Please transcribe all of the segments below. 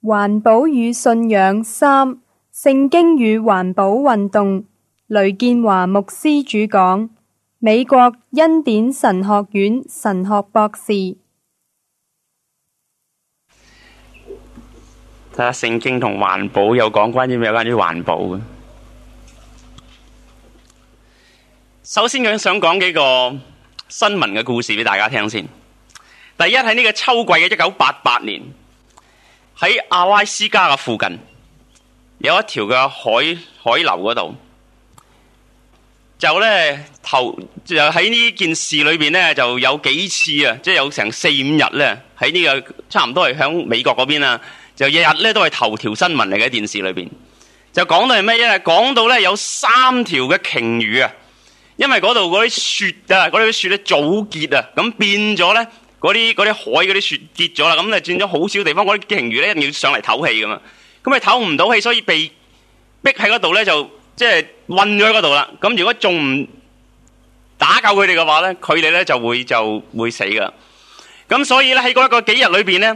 環保與信仰三，聖經與環保運動。雷建華牧師主講，美國恩典神學院神學博士。睇下聖經同環保有講關於咩？關於環保嘅。首先，想講幾個新聞嘅故事畀大家聽先。第一係呢個秋季嘅一九八八年。喺阿拉斯加嘅附近，有一條嘅海海流嗰度，就咧頭就喺呢件事裏邊咧，就有幾次啊，即係有成四五日咧，喺呢個差唔多係響美國嗰邊啊，就日日咧都係頭條新聞嚟嘅喺電視裏邊，就講到係咩咧？講到咧有三條嘅鯨魚啊，因為嗰度嗰啲雪啊，嗰啲雪咧早結啊，咁變咗咧。嗰啲啲海嗰啲雪結咗啦，咁啊轉咗好少地方，嗰啲鯨魚咧一定要上嚟唞氣噶嘛，咁啊唞唔到氣，所以被逼喺嗰度咧就即係困咗喺嗰度啦。咁如果仲唔打救佢哋嘅話咧，佢哋咧就會就會死噶。咁所以咧喺嗰一個幾日裏邊咧，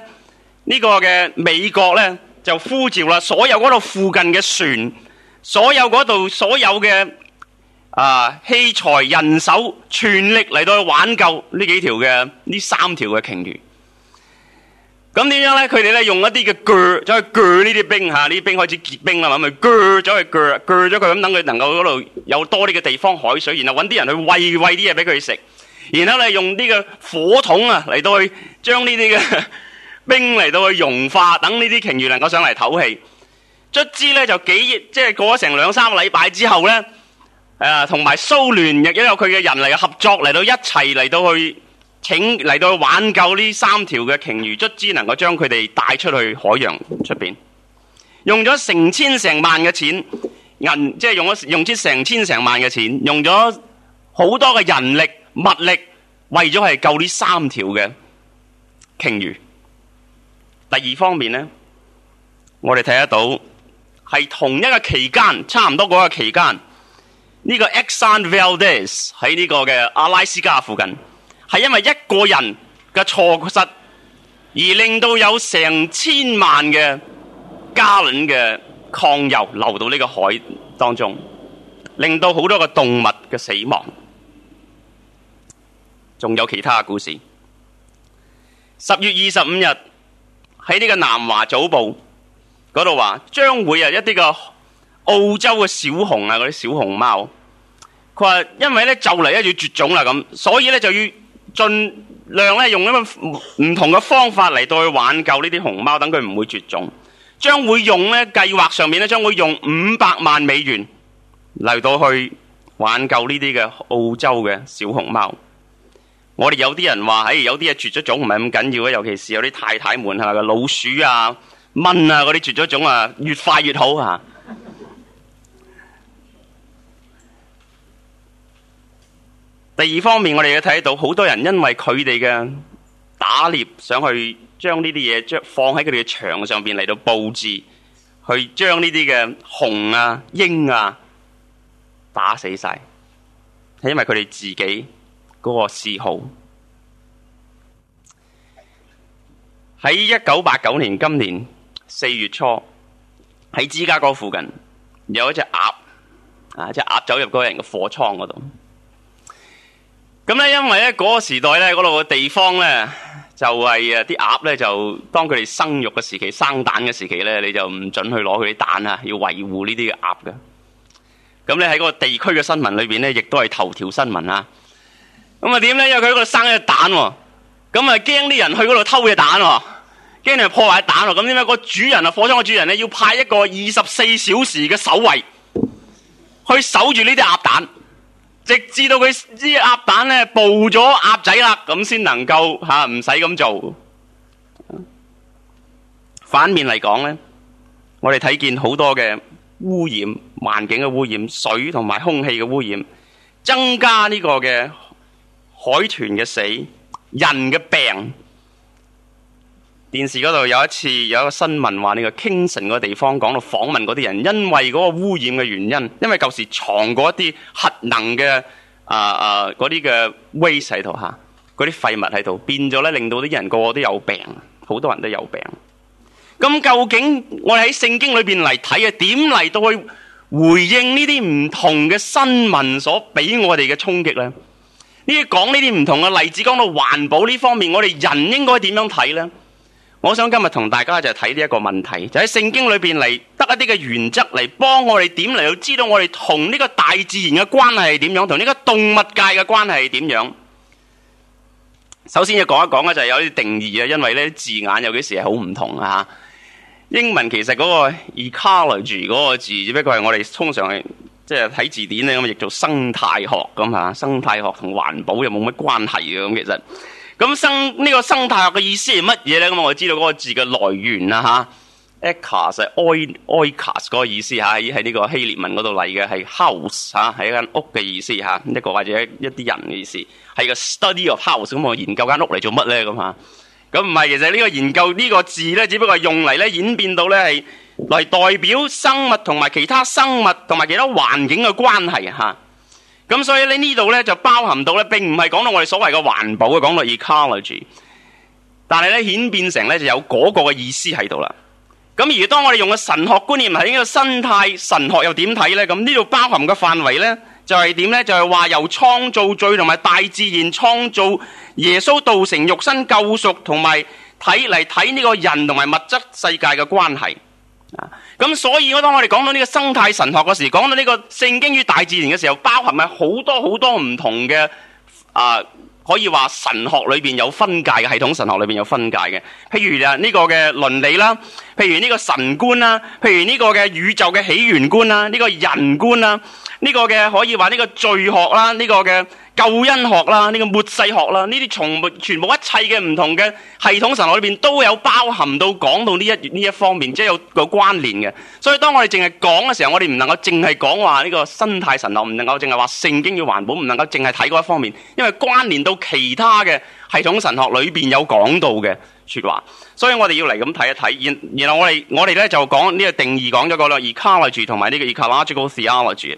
呢個嘅美國咧就呼召啦，所有嗰度附近嘅船，所有嗰度所有嘅。啊！器材、人手、全力嚟到去挽救呢幾條嘅呢三條嘅鯨魚。咁點樣咧？佢哋咧用一啲嘅鋸，再鋸呢啲冰吓，呢啲冰開始結冰啦，咁咪鋸咗去鋸，鋸咗佢咁，等佢能夠嗰度有多啲嘅地方海水，然後揾啲人去喂喂啲嘢俾佢食。然後咧用啲嘅火筒啊嚟到去將呢啲嘅冰嚟到去融化，等呢啲鯨魚能夠上嚟透氣。卒之咧就幾，即係過咗成兩三個禮拜之後咧。誒，同埋蘇聯亦都有佢嘅人嚟合作，嚟到一齊嚟到去請嚟到去挽救呢三條嘅鯨魚，卒之，能夠將佢哋帶出去海洋出邊，用咗成千成萬嘅錢銀，即係用咗用咗成千成萬嘅錢，用咗好多嘅人力物力，為咗係救呢三條嘅鯨魚。第二方面呢，我哋睇得到係同一個期間，差唔多嗰個期間。呢個 Exxon Valdez 喺呢個嘅阿拉斯加附近，係因為一個人嘅錯失，而令到有成千萬嘅加侖嘅礦油流到呢個海當中，令到好多嘅動物嘅死亡。仲有其他故事。十月二十五日喺呢個南華早報度話，將會有一啲嘅。澳洲嘅小熊啊，嗰啲小熊貓，佢話因為咧就嚟一要絕種啦咁，所以咧就要盡量咧用呢樣唔同嘅方法嚟到去挽救呢啲熊貓，等佢唔會絕種。將會用咧計劃上面咧，將會用五百萬美元嚟到去挽救呢啲嘅澳洲嘅小熊貓。我哋有啲人話，唉、哎，有啲嘢絕咗種唔係咁緊要嘅，尤其是有啲太太們係咪老鼠啊、蚊啊嗰啲絕咗種啊，越快越好吓。第二方面，我哋要睇到好多人因為佢哋嘅打獵，想去將呢啲嘢，將放喺佢哋嘅牆上邊嚟到佈置，去將呢啲嘅熊啊、鷹啊打死晒，係因為佢哋自己嗰個嗜好。喺一九八九年，今年四月初喺芝加哥附近有一隻鴨啊，隻鴨走入嗰個人嘅貨倉嗰度。咁咧，因為咧嗰個時代咧，嗰度嘅地方咧，就是，就係啊啲鴨咧，就當佢哋生育嘅時期、生蛋嘅時期咧，你就唔准去攞佢啲蛋，維護蛋啊，要維護呢啲嘅鴨嘅。咁你喺個地區嘅新聞裏邊咧，亦都係頭條新聞啦。咁啊點咧？因為佢喺度生一隻蛋，咁啊驚啲人去嗰度偷嘢蛋，驚你破壞蛋。咁點解個主人啊？火葬嘅主人咧，要派一個二十四小時嘅守衛去守住呢啲鴨蛋。直至到佢啲鴨蛋咧菢咗鴨仔啦，咁先能夠吓唔使咁做。反面嚟講咧，我哋睇見好多嘅污染，環境嘅污染，水同埋空氣嘅污染，增加呢個嘅海豚嘅死，人嘅病。電視嗰度有一次有一個新聞話呢個傾城個地方，講到訪問嗰啲人，因為嗰個污染嘅原因，因為舊時藏過一啲核能嘅，啊啊嗰啲嘅 w a s t 度吓，嗰啲廢物喺度，變咗咧令到啲人個個都有病，好多人都有病。咁究竟我哋喺聖經裏邊嚟睇，啊，點嚟到去回應呢啲唔同嘅新聞所俾我哋嘅衝擊呢？呢啲講呢啲唔同嘅，例子講到環保呢方面，我哋人應該點樣睇呢？我想今日同大家就睇呢一個問題，就喺聖經裏邊嚟，得一啲嘅原則嚟幫我哋點嚟去知道我哋同呢個大自然嘅關係係點樣，同呢個動物界嘅關係係點樣。首先要講一講咧，就係有啲定義啊，因為咧，字眼有幾時係好唔同啊。英文其實嗰個 ecology 嗰個字只不過係我哋通常係即係睇字典咧咁，譯做生態學咁吓，生態學同環保又冇乜關係嘅。咁其實。咁生呢、這個生態學嘅意思係乜嘢咧？咁啊我知道嗰個字嘅來源啦吓、啊、，ecos 係 o ocos 嗰個意思吓，已係呢個希臘文嗰度嚟嘅，係 house 吓、啊，係一間屋嘅意思吓，一個或者一啲人嘅意思，係個 study of house 咁、啊、我研究間屋嚟做乜咧咁啊？咁唔係，其實呢個研究呢個字咧，只不過係用嚟咧演變到咧係嚟代表生物同埋其他生物同埋其他環境嘅關係吓。啊咁所以呢度呢就包含到呢，並唔係講到我哋所謂嘅環保嘅，講到 ecology，但係咧演變成呢就有嗰個嘅意思喺度啦。咁而當我哋用嘅神學觀念睇呢個生態神學又點睇呢？咁呢度包含嘅範圍呢就係點呢？就係話由創造罪同埋大自然創造耶穌道成肉身救贖，同埋睇嚟睇呢個人同埋物質世界嘅關係。啊！咁所以我當我哋講到呢個生態神學嗰時，講到呢個聖經與大自然嘅時候，包含係好多好多唔同嘅啊、呃，可以話神學裏邊有分界嘅，系統神學裏邊有分界嘅。譬如啊，呢、呢個嘅倫理啦，譬如呢個神觀啦，譬如呢個嘅宇宙嘅起源觀啦，呢、呢個人觀啦，呢、呢個嘅可以話呢個罪學啦，呢、呢個嘅。救恩學啦，呢個末世學啦，呢啲從全部一切嘅唔同嘅系統神學裏邊都有包含到講到呢一呢一方面，即係有個關聯嘅。所以當我哋淨係講嘅時候，我哋唔能夠淨係講話呢個生態神學，唔能夠淨係話聖經嘅環保，唔能夠淨係睇嗰一方面，因為關聯到其他嘅系統神學裏邊有講到嘅說話。所以我哋要嚟咁睇一睇，然然後我哋我哋咧就講呢個定義，講咗個啦 ecology 同埋呢個 ecological theology。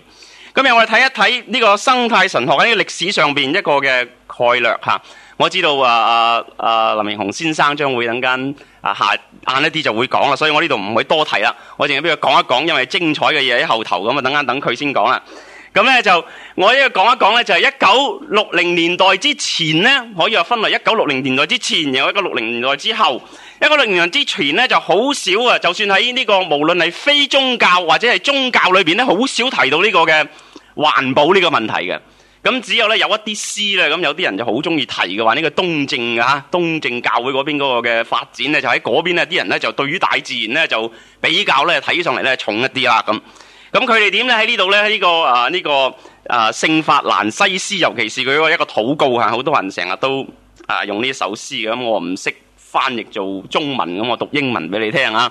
今日我哋睇一睇呢個生態神學喺歷史上邊一個嘅概略嚇。我知道啊啊啊林明雄先生將會等間啊下晏一啲就會講啦，所以我呢度唔會多提啦。我淨係俾佢講一講，因為精彩嘅嘢喺後頭咁啊。等間等佢先講啦。咁咧就我呢度講一講咧，就係一九六零年代之前咧，可以話分為一九六零年代之前，有一個六零年代之後。一個六零年代之前咧，就好少啊！就算喺呢個無論係非宗教或者係宗教裏邊咧，好少提到呢個嘅。環保呢個問題嘅，咁只有咧有一啲詩咧，咁有啲人就好中意提嘅話，呢個東正啊，東正教會嗰邊嗰個嘅發展咧，就喺嗰邊咧，啲人咧就對於大自然咧就比較咧睇上嚟咧重一啲啦，咁咁佢哋點咧喺呢度咧呢個啊呢個啊聖法蘭西斯，尤其是佢一個禱告啊，好多人成日都啊用呢首詩嘅，咁我唔識翻譯做中文咁、嗯，我讀英文俾你聽啊。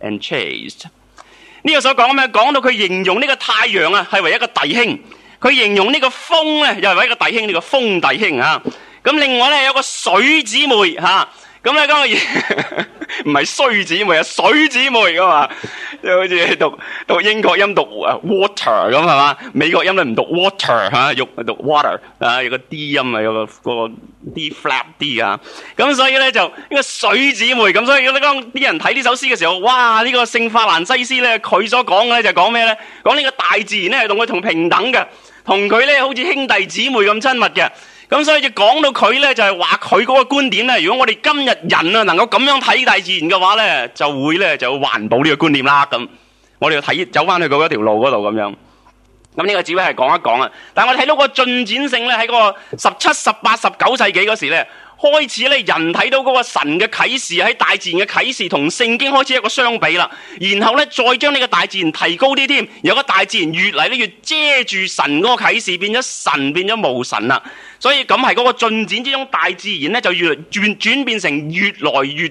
and chased 呢個所講咩？講到佢形容呢個太陽啊，係為一個弟兄；佢形容呢個風呢又係為一個弟兄，呢、這個風弟兄啊。咁另外呢有個水姊妹吓。啊。咁咧，咁我而唔係衰姊妹啊，水姊妹噶嘛，即係好似讀讀英國音讀啊 water 咁係嘛，美國音咧唔讀 water 吓，用讀 water 啊，有個 D 音啊，有個、那個 D flat D 啊，咁所以咧就呢個水姊妹，咁所以如果當啲人睇呢首詩嘅時候，哇！呢、這個聖法蘭西斯咧，佢所講嘅咧就講咩咧？講呢個大自然咧，係同佢同平等嘅，同佢咧好似兄弟姊妹咁親密嘅。咁所以就講到佢呢，就係話佢嗰個觀點呢。如果我哋今日人啊能夠咁樣睇大自然嘅話呢，就會呢，就環保呢個觀念啦。咁我哋又睇走翻去嗰一條路嗰度咁樣。咁呢個只係講一講啊。但係我睇到個進展性呢，喺個十七、十八、十九世紀嗰時呢，開始呢，人睇到嗰個神嘅啟示喺大自然嘅啟示同聖經開始一個相比啦。然後呢，再將呢個大自然提高啲添，有個大自然越嚟呢越遮住神個啟示，變咗神變咗無神啦。所以咁係嗰個進展之中，大自然咧就越轉轉變成越來越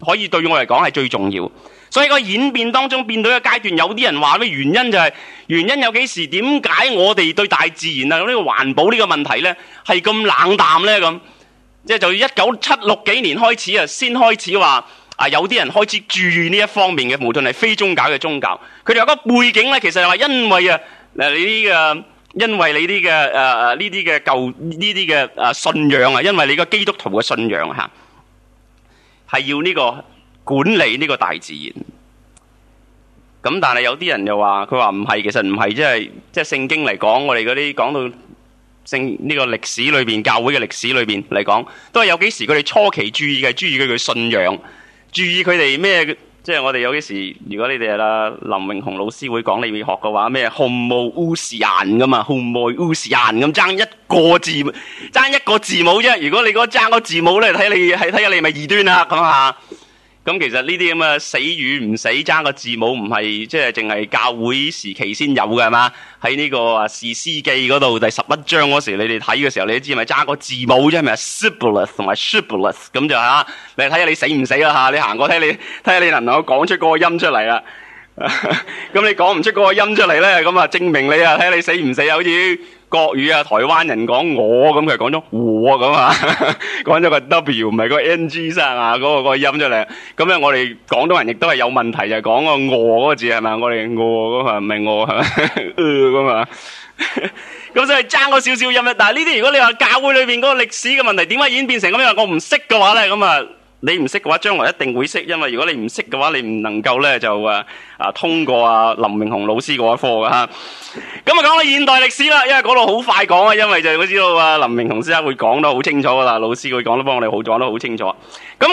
可以對於我嚟講係最重要。所以個演變當中變到嘅階段，有啲人話咩原因就係原因有幾時？點解我哋對大自然啊呢個環保呢個問題呢係咁冷淡呢？咁？即係就一九七六幾年開始啊，先開始話啊有啲人開始注意呢一方面嘅，無論係非宗教嘅宗教，佢哋有個背景呢，其實係話因為啊嗱呢、這個。因為你啲嘅誒誒呢啲嘅舊呢啲嘅誒信仰啊，因為你個基督徒嘅信仰吓，係要呢個管理呢個大自然。咁但係有啲人又話佢話唔係，其實唔係，即係即係聖經嚟講，我哋嗰啲講到聖呢個歷史裏邊教會嘅歷史裏邊嚟講，都係有幾時佢哋初期注意嘅，注意佢嘅信仰，注意佢哋咩？即係我哋有啲時，如果你哋啦，林榮雄老師會講你要學嘅話，咩紅毛烏士人噶嘛，紅毛烏士人咁爭一個字，爭一個字母啫。如果你嗰爭個字母咧，睇你係睇下你咪異端啦，講下。咁、嗯、其實呢啲咁嘅死與唔死揸個字母，唔係即係淨係教會時期先有嘅係嘛？喺呢、這個啊士師記嗰度第十一章嗰時，你哋睇嘅時候，你都知係咪揸個字母啫？係咪 Sibboleth 同埋 Shibboleth 咁就嚇、啊，你睇下你死唔死啦嚇、啊！你行過睇你睇下你能唔能夠講出個音出嚟啦。咁你講唔出嗰個音出嚟咧，咁啊證明你啊睇你死唔死啊，好似國語啊台灣人講我咁，佢係講咗我咁啊，講咗個 W 唔係個 NG 聲啊，嗰個個音出嚟。咁咧我哋廣東人亦都係有問題，就係講個我嗰個字係咪？我哋我嗰個唔係我係咪？呃咁啊，咁所以爭咗少少音啊。但係呢啲如果你話教會裏邊嗰個歷史嘅問題，點解已演變成咁樣？我唔識嘅話咧，咁啊。你唔識嘅話，將來一定會識，因為如果你唔識嘅話，你唔能夠咧就誒啊通過啊林明雄老師嗰一科噶吓。咁啊就講到現代歷史啦，因為嗰度好快講啊，因為就我知道啊林明雄先生會講得好清楚噶啦，老師會講得幫我哋好講得好清楚。咁、啊、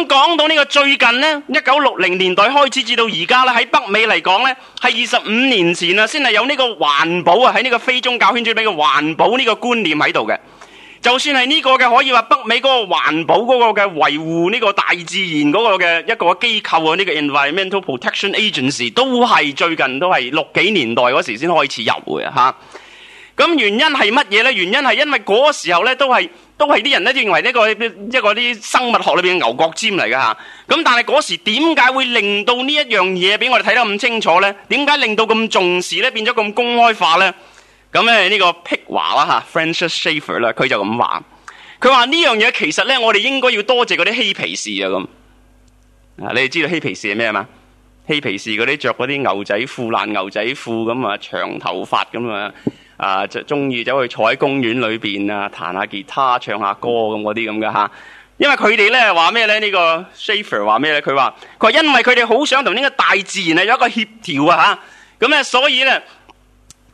講到呢個最近呢，一九六零年代開始至到而家咧，喺北美嚟講咧，係二十五年前啊，先係有呢個環保啊，喺呢個非宗教圈最俾個環保呢個觀念喺度嘅。就算係呢個嘅，可以話北美嗰個環保嗰個嘅維護呢個大自然嗰個嘅一個機構啊，呢個 Environmental Protection Agency 都係最近都係六幾年代嗰時先開始入會啊，吓。咁原因係乜嘢呢？原因係因為嗰時候呢都係都係啲人呢認為呢個一個啲生物學裏邊嘅牛角尖嚟噶吓。咁但係嗰時點解會令到呢一樣嘢俾我哋睇得咁清楚呢？點解令到咁重視呢？變咗咁公開化呢？咁咧呢個 pick 華啦嚇 Francis Schaeffer 啦，佢就咁話，佢話呢樣嘢其實咧，我哋應該要多謝嗰啲嬉皮士啊咁。啊，你哋知道嬉皮士係咩嘛？嬉皮士嗰啲着嗰啲牛仔褲、爛牛仔褲咁啊，長頭髮咁啊，啊，就中意走去坐喺公園裏邊啊，彈下吉他、唱下歌咁嗰啲咁嘅吓，因為佢哋咧話咩咧？呢、呢個 Schaeffer 話咩咧？佢話佢話因為佢哋好想同呢個大自然啊有一個協調啊吓，咁咧所以咧。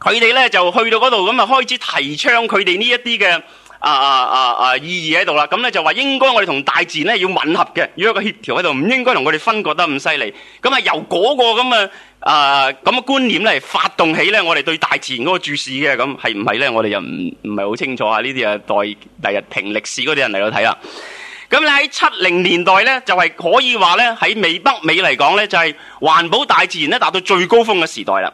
佢哋咧就去到嗰度咁啊，開始提倡佢哋呢一啲嘅啊啊啊啊意義喺度啦。咁咧就話應該我哋同大自然咧要吻合嘅，要一個協調喺度，唔應該同佢哋分割得咁犀利。咁啊，由嗰個咁嘅啊咁嘅觀念咧，發動起咧，我哋對大自然嗰個注視嘅咁，係唔係咧？我哋又唔唔係好清楚啊！呢啲啊，待第日評歷史嗰啲人嚟到睇啦。咁你喺七零年代咧，就係可以話咧，喺美北美嚟講咧，就係環保大自然咧達到最高峰嘅時代啦。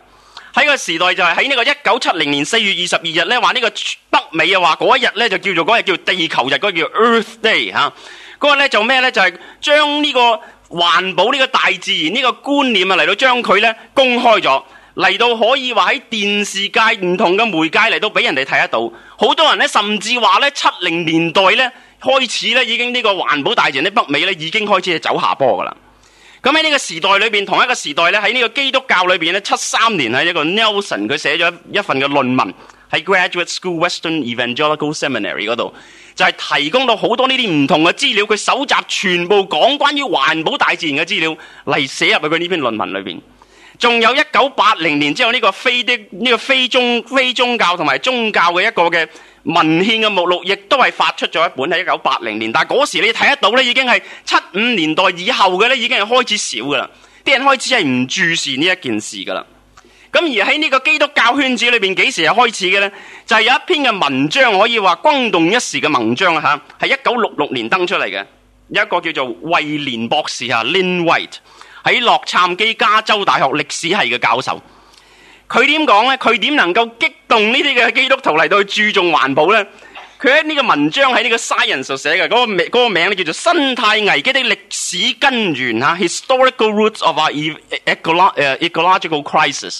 喺個時代就係喺呢個一九七零年四月二十二日咧，話呢個北美啊話嗰一日咧就叫做嗰日叫地球日，嗰叫 Earth Day 嚇、啊。嗰、就是、個咧就咩咧就係將呢個環保呢個大自然呢個觀念啊嚟到將佢咧公開咗，嚟到可以話喺電視界唔同嘅媒介嚟到俾人哋睇得到。好多人咧甚至話咧七零年代咧開始咧已經呢個環保大自然喺呢北美咧已經開始走下坡噶啦。咁喺呢個時代裏邊，同一個時代咧喺呢個基督教裏邊咧，七三年喺一個 Nelson 佢寫咗一份嘅論文，喺 Graduate School Western Evangelical Seminary 嗰度，就係提供到好多呢啲唔同嘅資料，佢搜集全部講關於環保大自然嘅資料嚟寫入去佢呢篇論文裏邊。仲有一九八零年之後呢個非的呢個非宗非宗教同埋宗教嘅一個嘅。文獻嘅目錄亦都係發出咗一本喺一九八零年，但嗰時你睇得到咧，已經係七五年代以後嘅咧，已經係開始少噶啦，啲人開始係唔注視呢一件事噶啦。咁而喺呢個基督教圈子裏邊，幾時係開始嘅呢？就係有一篇嘅文章可以話轟動一時嘅文章啊！吓，係一九六六年登出嚟嘅，有一個叫做惠蓮博士啊，Lynn White 喺洛杉磯加州大學歷史系嘅教授。佢點講呢？佢點能夠激動呢啲嘅基督徒嚟到去注重環保呢？佢喺呢個文章，喺呢個 science 上寫嘅，嗰個名，嗰個名咧叫做《生態危機的歷史根源》吓 （Historical Roots of Our Ecological Crisis）。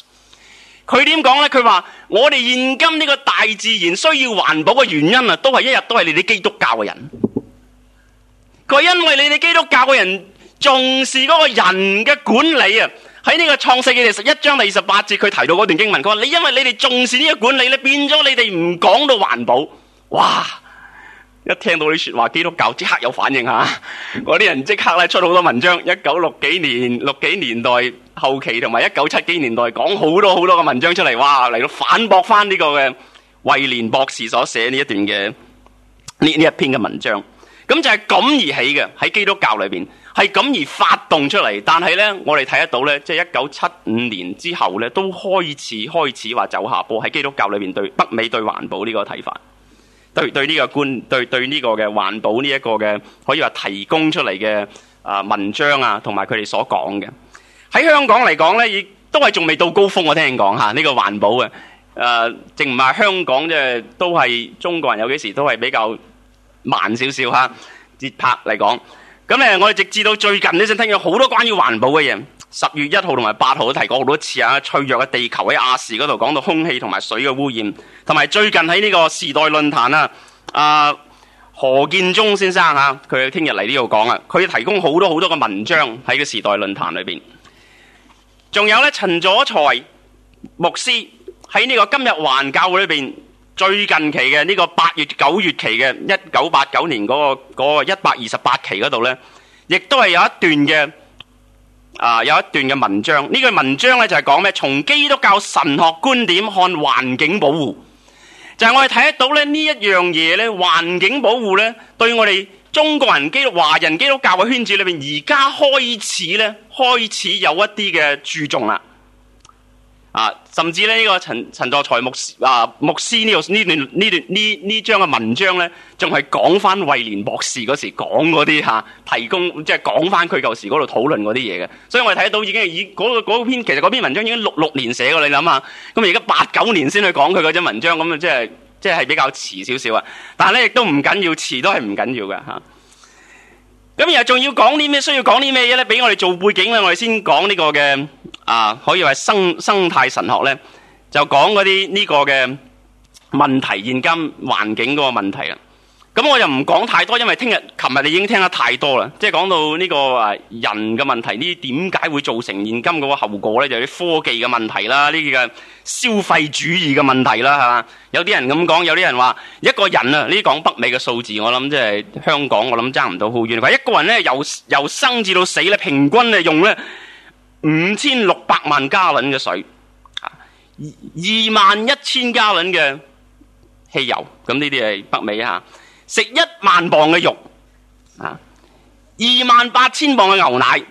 佢點講呢？佢話我哋現今呢個大自然需要環保嘅原因啊，都係一日都係你哋基督教嘅人。佢話因為你哋基督教嘅人重視嗰個人嘅管理啊。喺呢個創世記第十一章第二十八節，佢提到嗰段經文，佢話你因為你哋重視呢個管理，你變咗你哋唔講到環保。哇！一聽到呢啲說話，基督教即刻有反應吓，啲人即刻咧出好多文章。一九六幾年、六幾年代後期，同埋一九七幾年代，講好多好多個文章出嚟。哇！嚟到反駁翻，呢個嘅威廉博士所寫呢一段嘅呢呢一篇嘅文章，咁就係咁而起嘅喺基督教裏邊。係咁而發動出嚟，但係呢，我哋睇得到呢，即係一九七五年之後呢，都開始開始話走下坡喺基督教裏面對北美對環保呢個睇法，對對呢個觀，對對呢個嘅環保呢一個嘅可以話提供出嚟嘅文章啊，同埋佢哋所講嘅喺香港嚟講呢，亦都係仲未到高峰，我聽講吓呢個環保嘅，誒，淨唔係香港即係都係中國人有幾時都係比較慢少少吓節拍嚟講。咁咧，我哋直至到最近呢，先聽咗好多關於環保嘅嘢。十月一號同埋八號都提過好多次啊，脆弱嘅地球喺亞視嗰度講到空氣同埋水嘅污染，同埋最近喺呢個時代論壇啊，啊何建宗先生嚇，佢聽日嚟呢度講啊，佢提供好多好多嘅文章喺個時代論壇裏邊。仲有咧，陳佐才牧師喺呢個今日環教會裏邊。最近期嘅呢、這個八月九月期嘅一九八九年嗰、那個、那個一百二十八期嗰度呢，亦都係有一段嘅啊，有一段嘅文章。呢個文章呢，就係講咩？從基督教神學觀點看環境保護，就係、是、我哋睇得到呢呢一樣嘢呢，環境保護呢，對我哋中國人基督華人基督教嘅圈子裏面，而家開始呢，開始有一啲嘅注重啦。啊，甚至咧呢個陳陳作財牧啊牧師呢度呢段呢段呢呢張嘅文章咧，仲係講翻威廉博士嗰時講嗰啲吓，提供即係講翻佢舊時嗰度討論嗰啲嘢嘅。所以我哋睇到已經係以嗰、嗰個篇、嗰個嗰個，其實嗰篇文章已經六六年寫嘅，你諗下，咁而家八九年先去講佢嗰張文章，咁啊即係即係比較遲少少啊。但係咧亦都唔緊要，遲都係唔緊要嘅吓。咁又仲要講啲咩？需要講啲咩嘢咧？俾我哋做背景啦，我哋先講呢個嘅。啊，可以話生生態神學咧，就講嗰啲呢個嘅問題，現今環境嗰個問題啦。咁我又唔講太多，因為聽日、琴日你已經聽得太多啦。即係講到呢個啊人嘅問題，呢點解會造成現今嘅個後果咧？就係啲科技嘅問題啦，呢個消費主義嘅問題啦，係嘛？有啲人咁講，有啲人話一個人啊，呢講北美嘅數字，我諗即係香港，我諗爭唔到好遠。話一個人咧，由由生至到死咧，平均啊用咧。五千六百萬加侖嘅水，啊二二萬一千加侖嘅汽油，咁呢啲係北美吓，食一萬磅嘅肉，啊二萬八千磅嘅牛奶，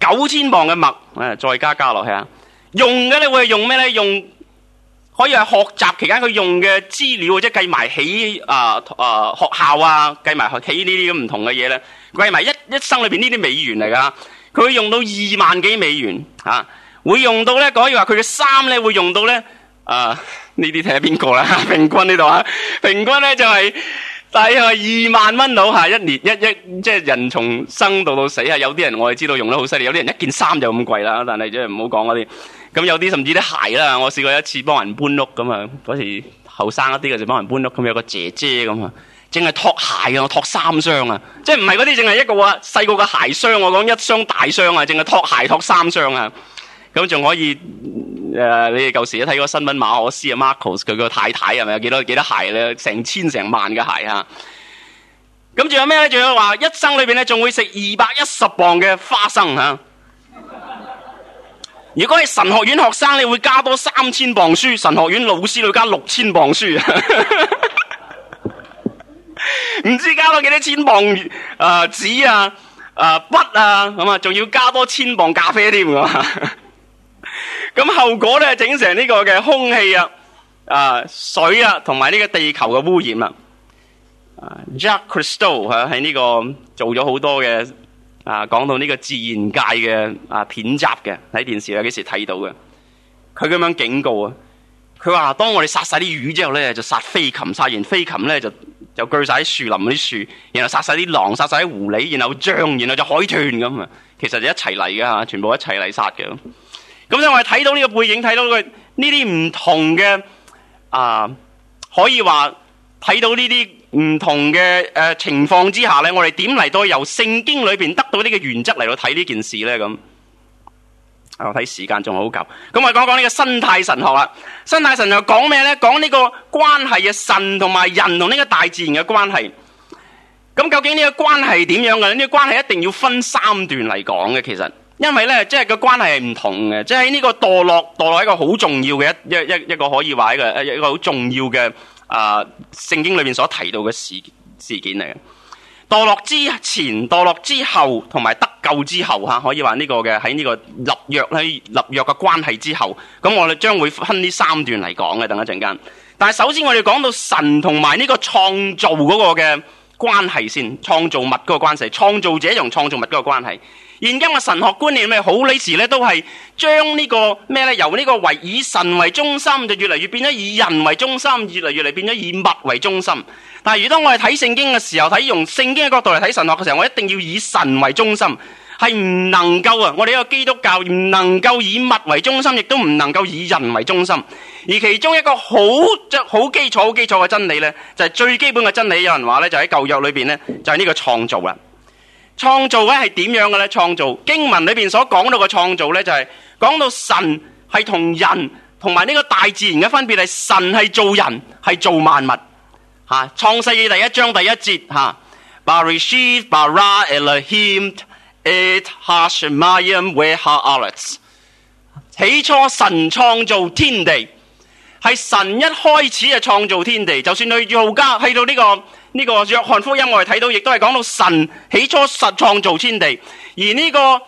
九千磅嘅麥，誒再加加落去啊！用嘅咧會係用咩咧？用可以係學習期間佢用嘅資料，即係計埋起啊啊、呃呃、學校啊，計埋起呢啲咁唔同嘅嘢咧，計埋一一生裏邊呢啲美元嚟噶。佢用到二萬幾美元啊，會用到咧，講嘢話佢嘅衫咧會用到咧，啊呢啲睇下邊個啦，平均呢度啊，平均咧就係大約二萬蚊到吓，一年一一即係人從生到到死係有啲人我哋知道用得好犀利，有啲人一件衫就咁貴啦，但係即係唔好講嗰啲，咁有啲甚至啲鞋啦，我試過一次幫人搬屋咁啊，嗰時後生一啲嘅就幫人搬屋，咁有個姐姐咁啊。淨係托鞋啊，我托三雙啊，即係唔係嗰啲淨係一個啊細個嘅鞋箱，我講一箱大箱啊，淨係托鞋托三雙啊，咁仲可以誒、呃，你哋舊時都睇過新聞馬可斯啊，Marcos 佢個太太係咪有幾多幾多鞋咧？成千成萬嘅鞋啊！咁仲有咩咧？仲有話一生裏邊咧仲會食二百一十磅嘅花生吓、啊。如果係神學院學生，你會加多三千磅書；神學院老師要加六千磅書。 唔知加咗幾多千磅誒紙啊誒筆啊咁啊，仲、啊啊、要多加多千磅咖啡添、啊、咁 後果咧整成呢個嘅空氣啊啊水啊同埋呢個地球嘅污染啊！Jack Crystal 係喺、啊、呢個做咗好多嘅，啊，講到呢個自然界嘅啊片集嘅喺電視啊，幾時睇到嘅？佢咁樣警告啊！佢話當我哋殺晒啲魚之後咧，就殺飛禽，殺完飛禽咧就。就鋸晒啲樹林嗰啲樹，然後殺晒啲狼，殺晒啲狐狸，然後章，然後就海豚咁啊！其實就一齊嚟噶，全部一齊嚟殺嘅。咁所以我哋睇到呢個背景，睇到佢呢啲唔同嘅啊、呃，可以話睇到呢啲唔同嘅誒、呃、情況之下呢，我哋點嚟到由聖經裏邊得到呢個原則嚟到睇呢件事呢？咁。我睇、哦、時間仲好急，咁我講講呢個生態神學啦。生態神學講咩咧？講呢個關係嘅神同埋人同呢個大自然嘅關係。咁究竟呢個關係點樣嘅？呢、呢個關係一定要分三段嚟講嘅。其實，因為咧，即、就、係、是、個關係係唔同嘅，即係呢個墮落，墮落係一個好重要嘅一一一一,一個可以話一個一個好重要嘅啊聖經裏面所提到嘅事事件嚟嘅。墮落之前、墮落之後，同埋得救之後嚇，可以話呢個嘅喺呢個立約咧、立約嘅關係之後，咁我哋將會分呢三段嚟講嘅。等一陣間，但係首先我哋講到神同埋呢個創造嗰個嘅關係先，創造物嗰個關係，創造者同創造物嗰個關係。現今嘅神學觀念咪好多時呢時咧，都係將呢個咩呢？由呢個為以神為中心，就越嚟越變咗以人為中心，越嚟越嚟變咗以物為中心。但係如果我哋睇聖經嘅時候睇，用聖經嘅角度嚟睇神學嘅時候，我一定要以神為中心，係唔能夠啊！我哋一個基督教唔能夠以物為中心，亦都唔能夠以人為中心。而其中一個好好基礎、好基礎嘅真理呢，就係、是、最基本嘅真理。有人話咧，就喺、是、舊約裏面咧，就係、是、呢個創造啦。創造咧係點樣嘅咧？創造經文裏邊所講到嘅創造咧、就是，就係講到神係同人同埋呢個大自然嘅分別係神係造人係造萬物吓。創、啊、世記第一章第一節吓，Bereshit bara Elohim et hashamayim ve'et ha'aretz 起初神創造天地，係神一開始就創造天地，就算去到後家，去到呢個。呢個約翰福音我哋睇到，亦都係講到神起初實創造天地。而呢個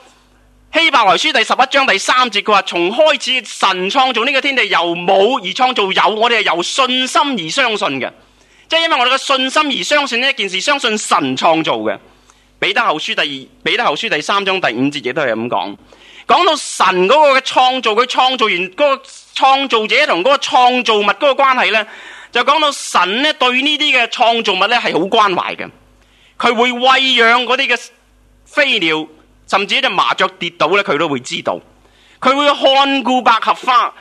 希伯來書第十一章第三節佢話：從開始神創造呢個天地，由冇而創造有。我哋係由信心而相信嘅，即係因為我哋嘅信心而相信呢一件事，相信神創造嘅。彼得後書第二、彼得後書第三章第五節亦都係咁講，講到神嗰個嘅創造，佢創造完嗰個創造者同嗰個創造物嗰個關係呢。就講到神咧，對呢啲嘅創造物咧係好關懷嘅，佢會餵養嗰啲嘅飛鳥，甚至一隻麻雀跌倒咧，佢都會知道，佢會看顧百合花，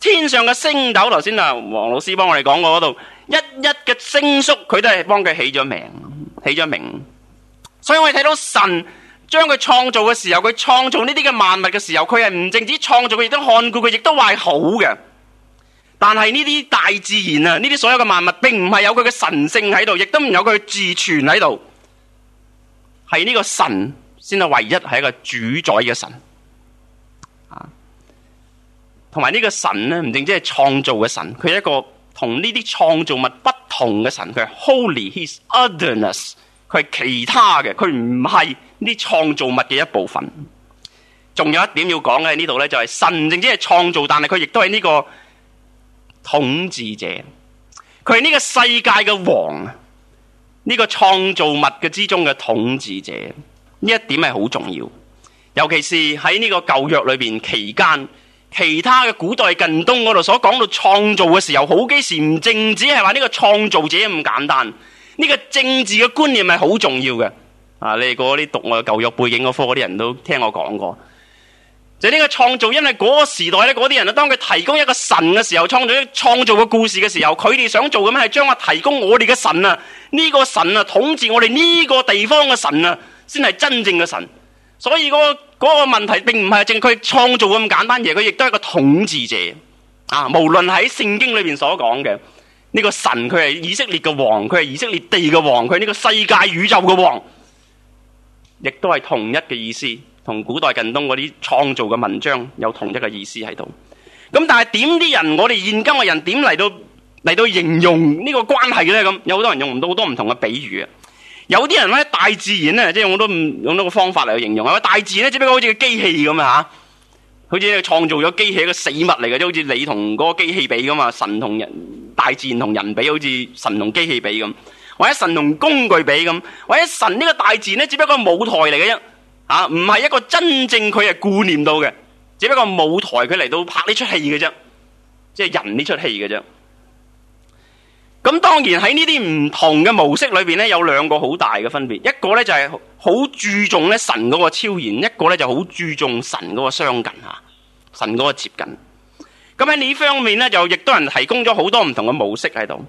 天上嘅星斗，頭先啊，黃老師幫我哋講過嗰度，一一嘅星宿，佢都係幫佢起咗名，起咗名。所以我哋睇到神將佢創造嘅時候，佢創造呢啲嘅萬物嘅時候，佢係唔淨止創造佢，亦都看顧佢，亦都話係好嘅。但係呢啲大自然啊，呢啲所有嘅萬物並唔係有佢嘅神性喺度，亦都唔有佢嘅自存喺度。係呢個神先係唯一係一個主宰嘅神啊。同埋呢個神呢，唔淨止係創造嘅神，佢係一個同呢啲創造物不同嘅神，佢係 Holy His Otherness，佢係其他嘅，佢唔係呢創造物嘅一部分。仲有一點要講嘅呢度呢，就係、是、神淨止係創造，但係佢亦都係呢個。統治者，佢係呢個世界嘅王啊！呢個創造物嘅之中嘅統治者，呢一點係好重要。尤其是喺呢個舊約裏邊期間，其他嘅古代近東嗰度所講到創造嘅時候，好幾時唔淨止係話呢個創造者咁簡單，呢個政治嘅觀念係好重要嘅。啊，你嗰啲讀我舊約背景嗰科嗰啲人都聽我講過。就呢個創造，因為嗰個時代咧，嗰啲人啊，當佢提供一個神嘅時候，創造個創造嘅故事嘅時候，佢哋想做嘅咩係將我提供我哋嘅神啊？呢個神啊，統治我哋呢個地方嘅神啊，先係真正嘅神。所以嗰個嗰個問題並唔係淨佢創造咁簡單嘢，佢亦都係個統治者啊。無論喺聖經裏邊所講嘅呢個神，佢係以色列嘅王，佢係以色列地嘅王，佢係呢個世界宇宙嘅王，亦都係同一嘅意思。同古代近東嗰啲創造嘅文章有同一個意思喺度，咁但係點啲人？我哋現今嘅人點嚟到嚟到形容呢個關係嘅咧？咁有好多人用唔到好多唔同嘅比喻啊！有啲人咧大自然咧，即係用多用多個方法嚟去形容，係咪大自然咧？只不過好似個機器咁啊嚇！好似創造咗機器一個死物嚟嘅，即係好似你同嗰個機器比咁啊，神同人大自然同人比，好似神同機器比咁，或者神同工具比咁，或者神呢個大自然咧，只不過舞台嚟嘅啫。啊，唔係一個真正佢係顧念到嘅，只不過舞台佢嚟到拍呢出戲嘅啫，即係人呢出戲嘅啫。咁當然喺呢啲唔同嘅模式裏邊呢，有兩個好大嘅分別，一個呢就係好注重咧神嗰個超然，一個呢就好注重神嗰個相近吓，神嗰個接近。咁喺呢方面呢，就亦都人提供咗好多唔同嘅模式喺度。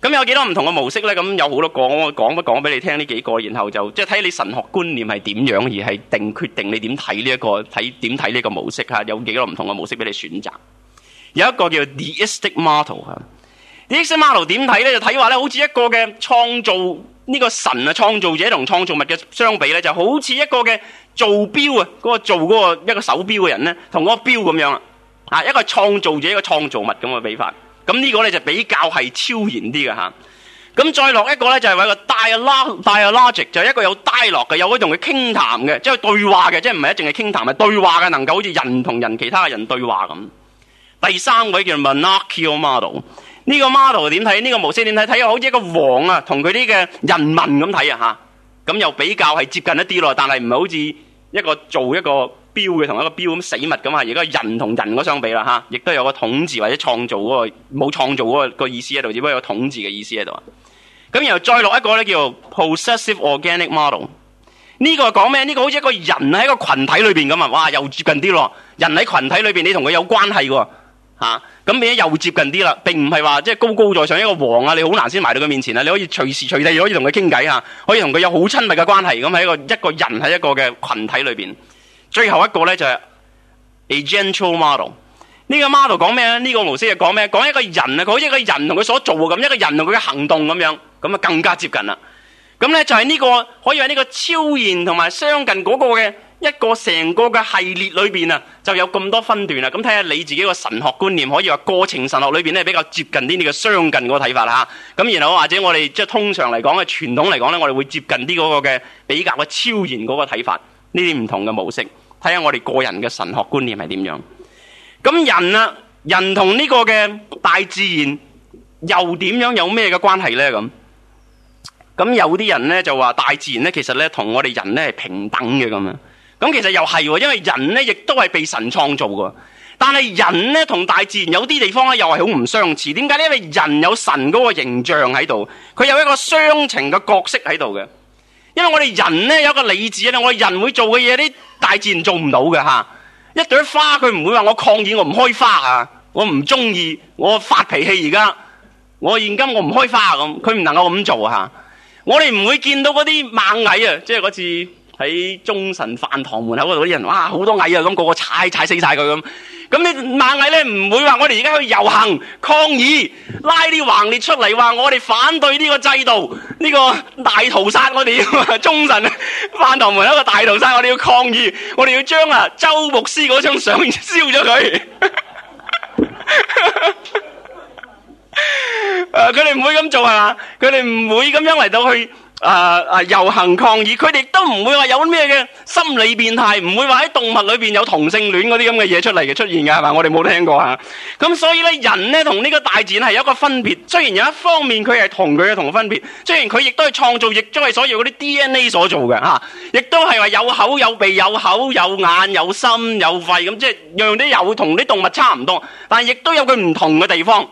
咁有幾多唔同嘅模式咧？咁有好多個，我講一講俾你聽呢幾個？然後就即係睇你神學觀念係點樣，而係定決定你點睇呢一個睇點睇呢個模式吓，啊？有幾多唔同嘅模式俾你選擇？有一個叫 deistic model 吓，啊、deistic model 點睇呢？就睇話咧，好似一個嘅創造呢個神啊，創造者同創造物嘅相比咧，就好似一個嘅造錶啊，嗰、嗰個造嗰個一個手錶嘅人咧，同嗰個錶咁樣啊，一個創造者一個創造物咁嘅比法。咁呢個咧就比較係超然啲嘅吓，咁再落一個咧就係一個 dialogic，dialogic 就係一個有 dialogic 嘅，有可同佢傾談嘅，即係對話嘅，即係唔係一定係傾談，係對話嘅，能夠好似人同人其他嘅人對話咁。第三位叫 monarchial model，呢個 model 點睇？呢、這個模式點睇？睇好似一個王啊，同佢啲嘅人民咁睇啊吓，咁又比較係接近一啲咯，但係唔係好似一個做一個。標嘅同一個標咁死物咁啊，而家人同人嗰相比啦吓，亦都有個統治或者創造嗰、嗰個冇創造嗰個個意思喺度，只不過有個統治嘅意思喺度。咁然後再落一個咧叫 possessive organic model，呢個講咩？呢、呢個好似一個人喺個群體裏邊咁啊，哇，又接近啲咯。人喺群體裏邊，你同佢有關係㗎吓，咁變又接近啲啦，並唔係話即係高高在上一個王啊，你好難先埋到佢面前啊，你可以隨時隨地可以同佢傾偈吓，可以同佢有好親密嘅關係咁喺一個一個人喺一個嘅群體裏邊。最後一個咧就係 agentual model，呢個 model 講咩？呢個模式又講咩？講一個人啊，講一個人同佢所做咁，一個人同佢嘅行動咁樣，咁啊更加接近啦。咁咧就係呢個可以喺呢個超然同埋相近嗰個嘅一個成個嘅系列裏邊啊，就有咁多分段啦。咁睇下你自己個神學觀念，可以話過程神學裏邊咧比較接近啲呢個相近嗰個睇法啦。吓咁然後或者我哋即係通常嚟講嘅傳統嚟講咧，我哋會接近啲嗰個嘅比較嘅超然嗰個睇法，呢啲唔同嘅模式。睇下我哋個人嘅神學觀念係點樣，咁人啊，人同呢個嘅大自然又點樣有咩嘅關係呢？咁咁有啲人呢，就話大自然咧其實咧同我哋人咧係平等嘅，咁啊，咁其實又係，因為人呢亦都係被神創造噶，但係人呢，同大自然有啲地方咧又係好唔相似。點解呢？因為人有神嗰個形象喺度，佢有一個雙情嘅角色喺度嘅。因為我哋人呢，有個理智啦，我哋人會做嘅嘢啲大自然做唔到嘅吓，一朵花佢唔會話我抗議我唔開花啊，我唔中意我發脾氣而家，我現今我唔開花咁，佢唔能夠咁做吓，我哋唔會見到嗰啲螞蟻啊，即係嗰次喺中神飯堂門口嗰度啲人，哇好多蟻啊咁，個個踩踩死晒佢咁。咁你螻蟻咧，唔會話我哋而家去遊行抗議，拉啲橫列出嚟話我哋反對呢個制度，呢、呢個大屠殺我哋要忠臣啊，飯堂門一個大屠殺我哋要抗議，我哋要將、啊、周牧師嗰張相燒咗佢。誒、 啊，佢哋唔會咁做係嘛？佢哋唔會咁樣嚟到去。誒誒，遊、呃呃、行抗議，佢哋都唔會話有咩嘅心理變態，唔會話喺動物裏面有同性戀嗰啲咁嘅嘢，出嚟、嘅出現嘅係嘛？我哋冇聽過咁、啊、所以咧，人咧同呢個大自然係有一個分別。雖然有一方面佢係同佢嘅同分別，雖然佢亦都係創造，亦都係所有嗰啲 DNA 所做嘅吓，亦、啊、都係話有口有鼻有口有眼，有眼有心有肺咁，即係樣樣啲有同啲動物差唔多，但係亦都有佢唔同嘅地方。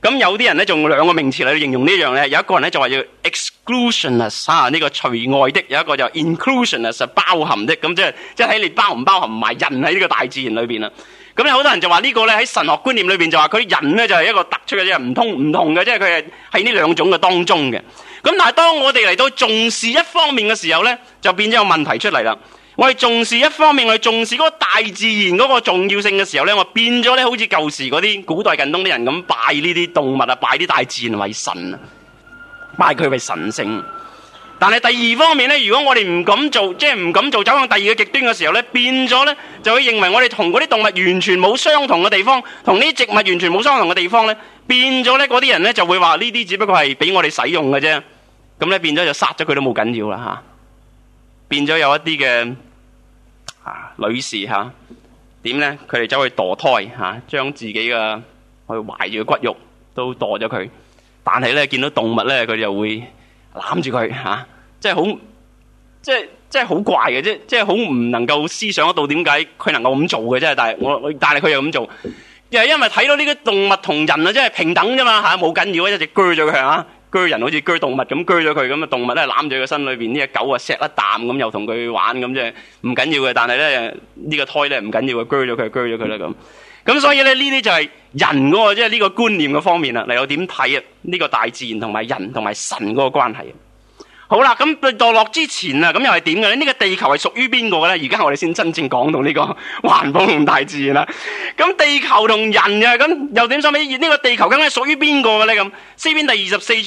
咁有啲人咧仲用兩個名詞嚟形容呢樣咧，有一個人咧就話要 exclusionist 啊，呢、這個除外的；有一個就 inclusionist，包含的。咁即係即係睇你包唔包含埋人喺呢個大自然裏邊啦。咁有好多人就話呢個咧喺神學觀念裏邊就話佢人咧就係、是、一個突出嘅，即係唔通唔同嘅，即係佢係喺呢兩種嘅當中嘅。咁但係當我哋嚟到重視一方面嘅時候咧，就變咗有問題出嚟啦。我哋重視一方面，我重視嗰個大自然嗰個重要性嘅時候呢，我變咗呢，好似舊時嗰啲古代近東啲人咁，拜呢啲動物啊，拜啲大自然為神啊，拜佢為神聖。但係第二方面呢，如果我哋唔敢做，即係唔敢做，走向第二個極端嘅時候呢，變咗呢，就會認為我哋同嗰啲動物完全冇相同嘅地方，同呢啲植物完全冇相同嘅地方呢，變咗呢，嗰啲人呢就會話呢啲只不過係俾我哋使用嘅啫，咁呢變咗就殺咗佢都冇緊要啦吓，變咗有一啲嘅。啊、女士吓點咧？佢哋走去墮胎吓，將、啊、自己嘅去懷住嘅骨肉都墮咗佢。但係咧見到動物咧，佢哋又會攬住佢吓，即係好即係即係好怪嘅，即係即係好唔能夠思想得到點解佢能夠咁做嘅，即係。但係我但係佢又咁做，又係因為睇到呢啲動物同人啊，即係平等啫嘛吓，冇緊要，一直鋸咗佢啊！拘人好似拘動物咁拘咗佢咁啊，動物咧攬住佢身裏邊，呢隻狗啊錫一啖咁，又同佢玩咁啫，唔緊要嘅。但係咧呢、這個胎咧唔緊要嘅，拘咗佢，拘咗佢啦咁。咁、嗯、所以咧呢啲就係人嗰個即係呢個觀念嘅方面啦。你又點睇啊？呢、這個大自然同埋人同埋神嗰個關係。好啦，咁墮落之前啊，咁又係點嘅？呢、這個地球係屬於邊個嘅咧？而家我哋先真正講到呢、這個環保同大自然啦。咁地球同人啊，咁又點想俾？呢、這個地球剛剛屬於個呢邊個嘅咧？咁詩篇第二十四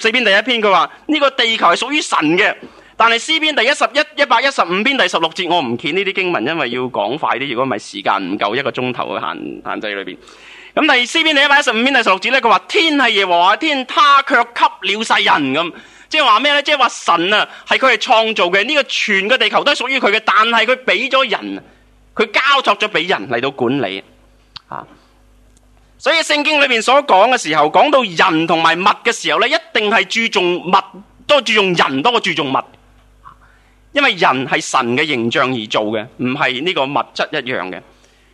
四篇第一篇佢話呢個地球係屬於神嘅，但係詩 11, 篇第一十一一百一十五篇第十六節我唔見呢啲經文，因為要講快啲，如果唔係時間唔夠一個鐘頭嘅限限制裏邊 15,。咁第係詩篇第一百一十五篇第十六節咧，佢話天係耶和華天，他卻給了世人咁。即係話咩呢？即係話神啊，係佢係創造嘅呢、這個全個地球都係屬於佢嘅，但係佢俾咗人，佢交託咗俾人嚟到管理，啊、所以聖經裏面所講嘅時候，講到人同埋物嘅時候呢，一定係注重物多，注重人多過注重物，因為人係神嘅形象而做嘅，唔係呢個物質一樣嘅。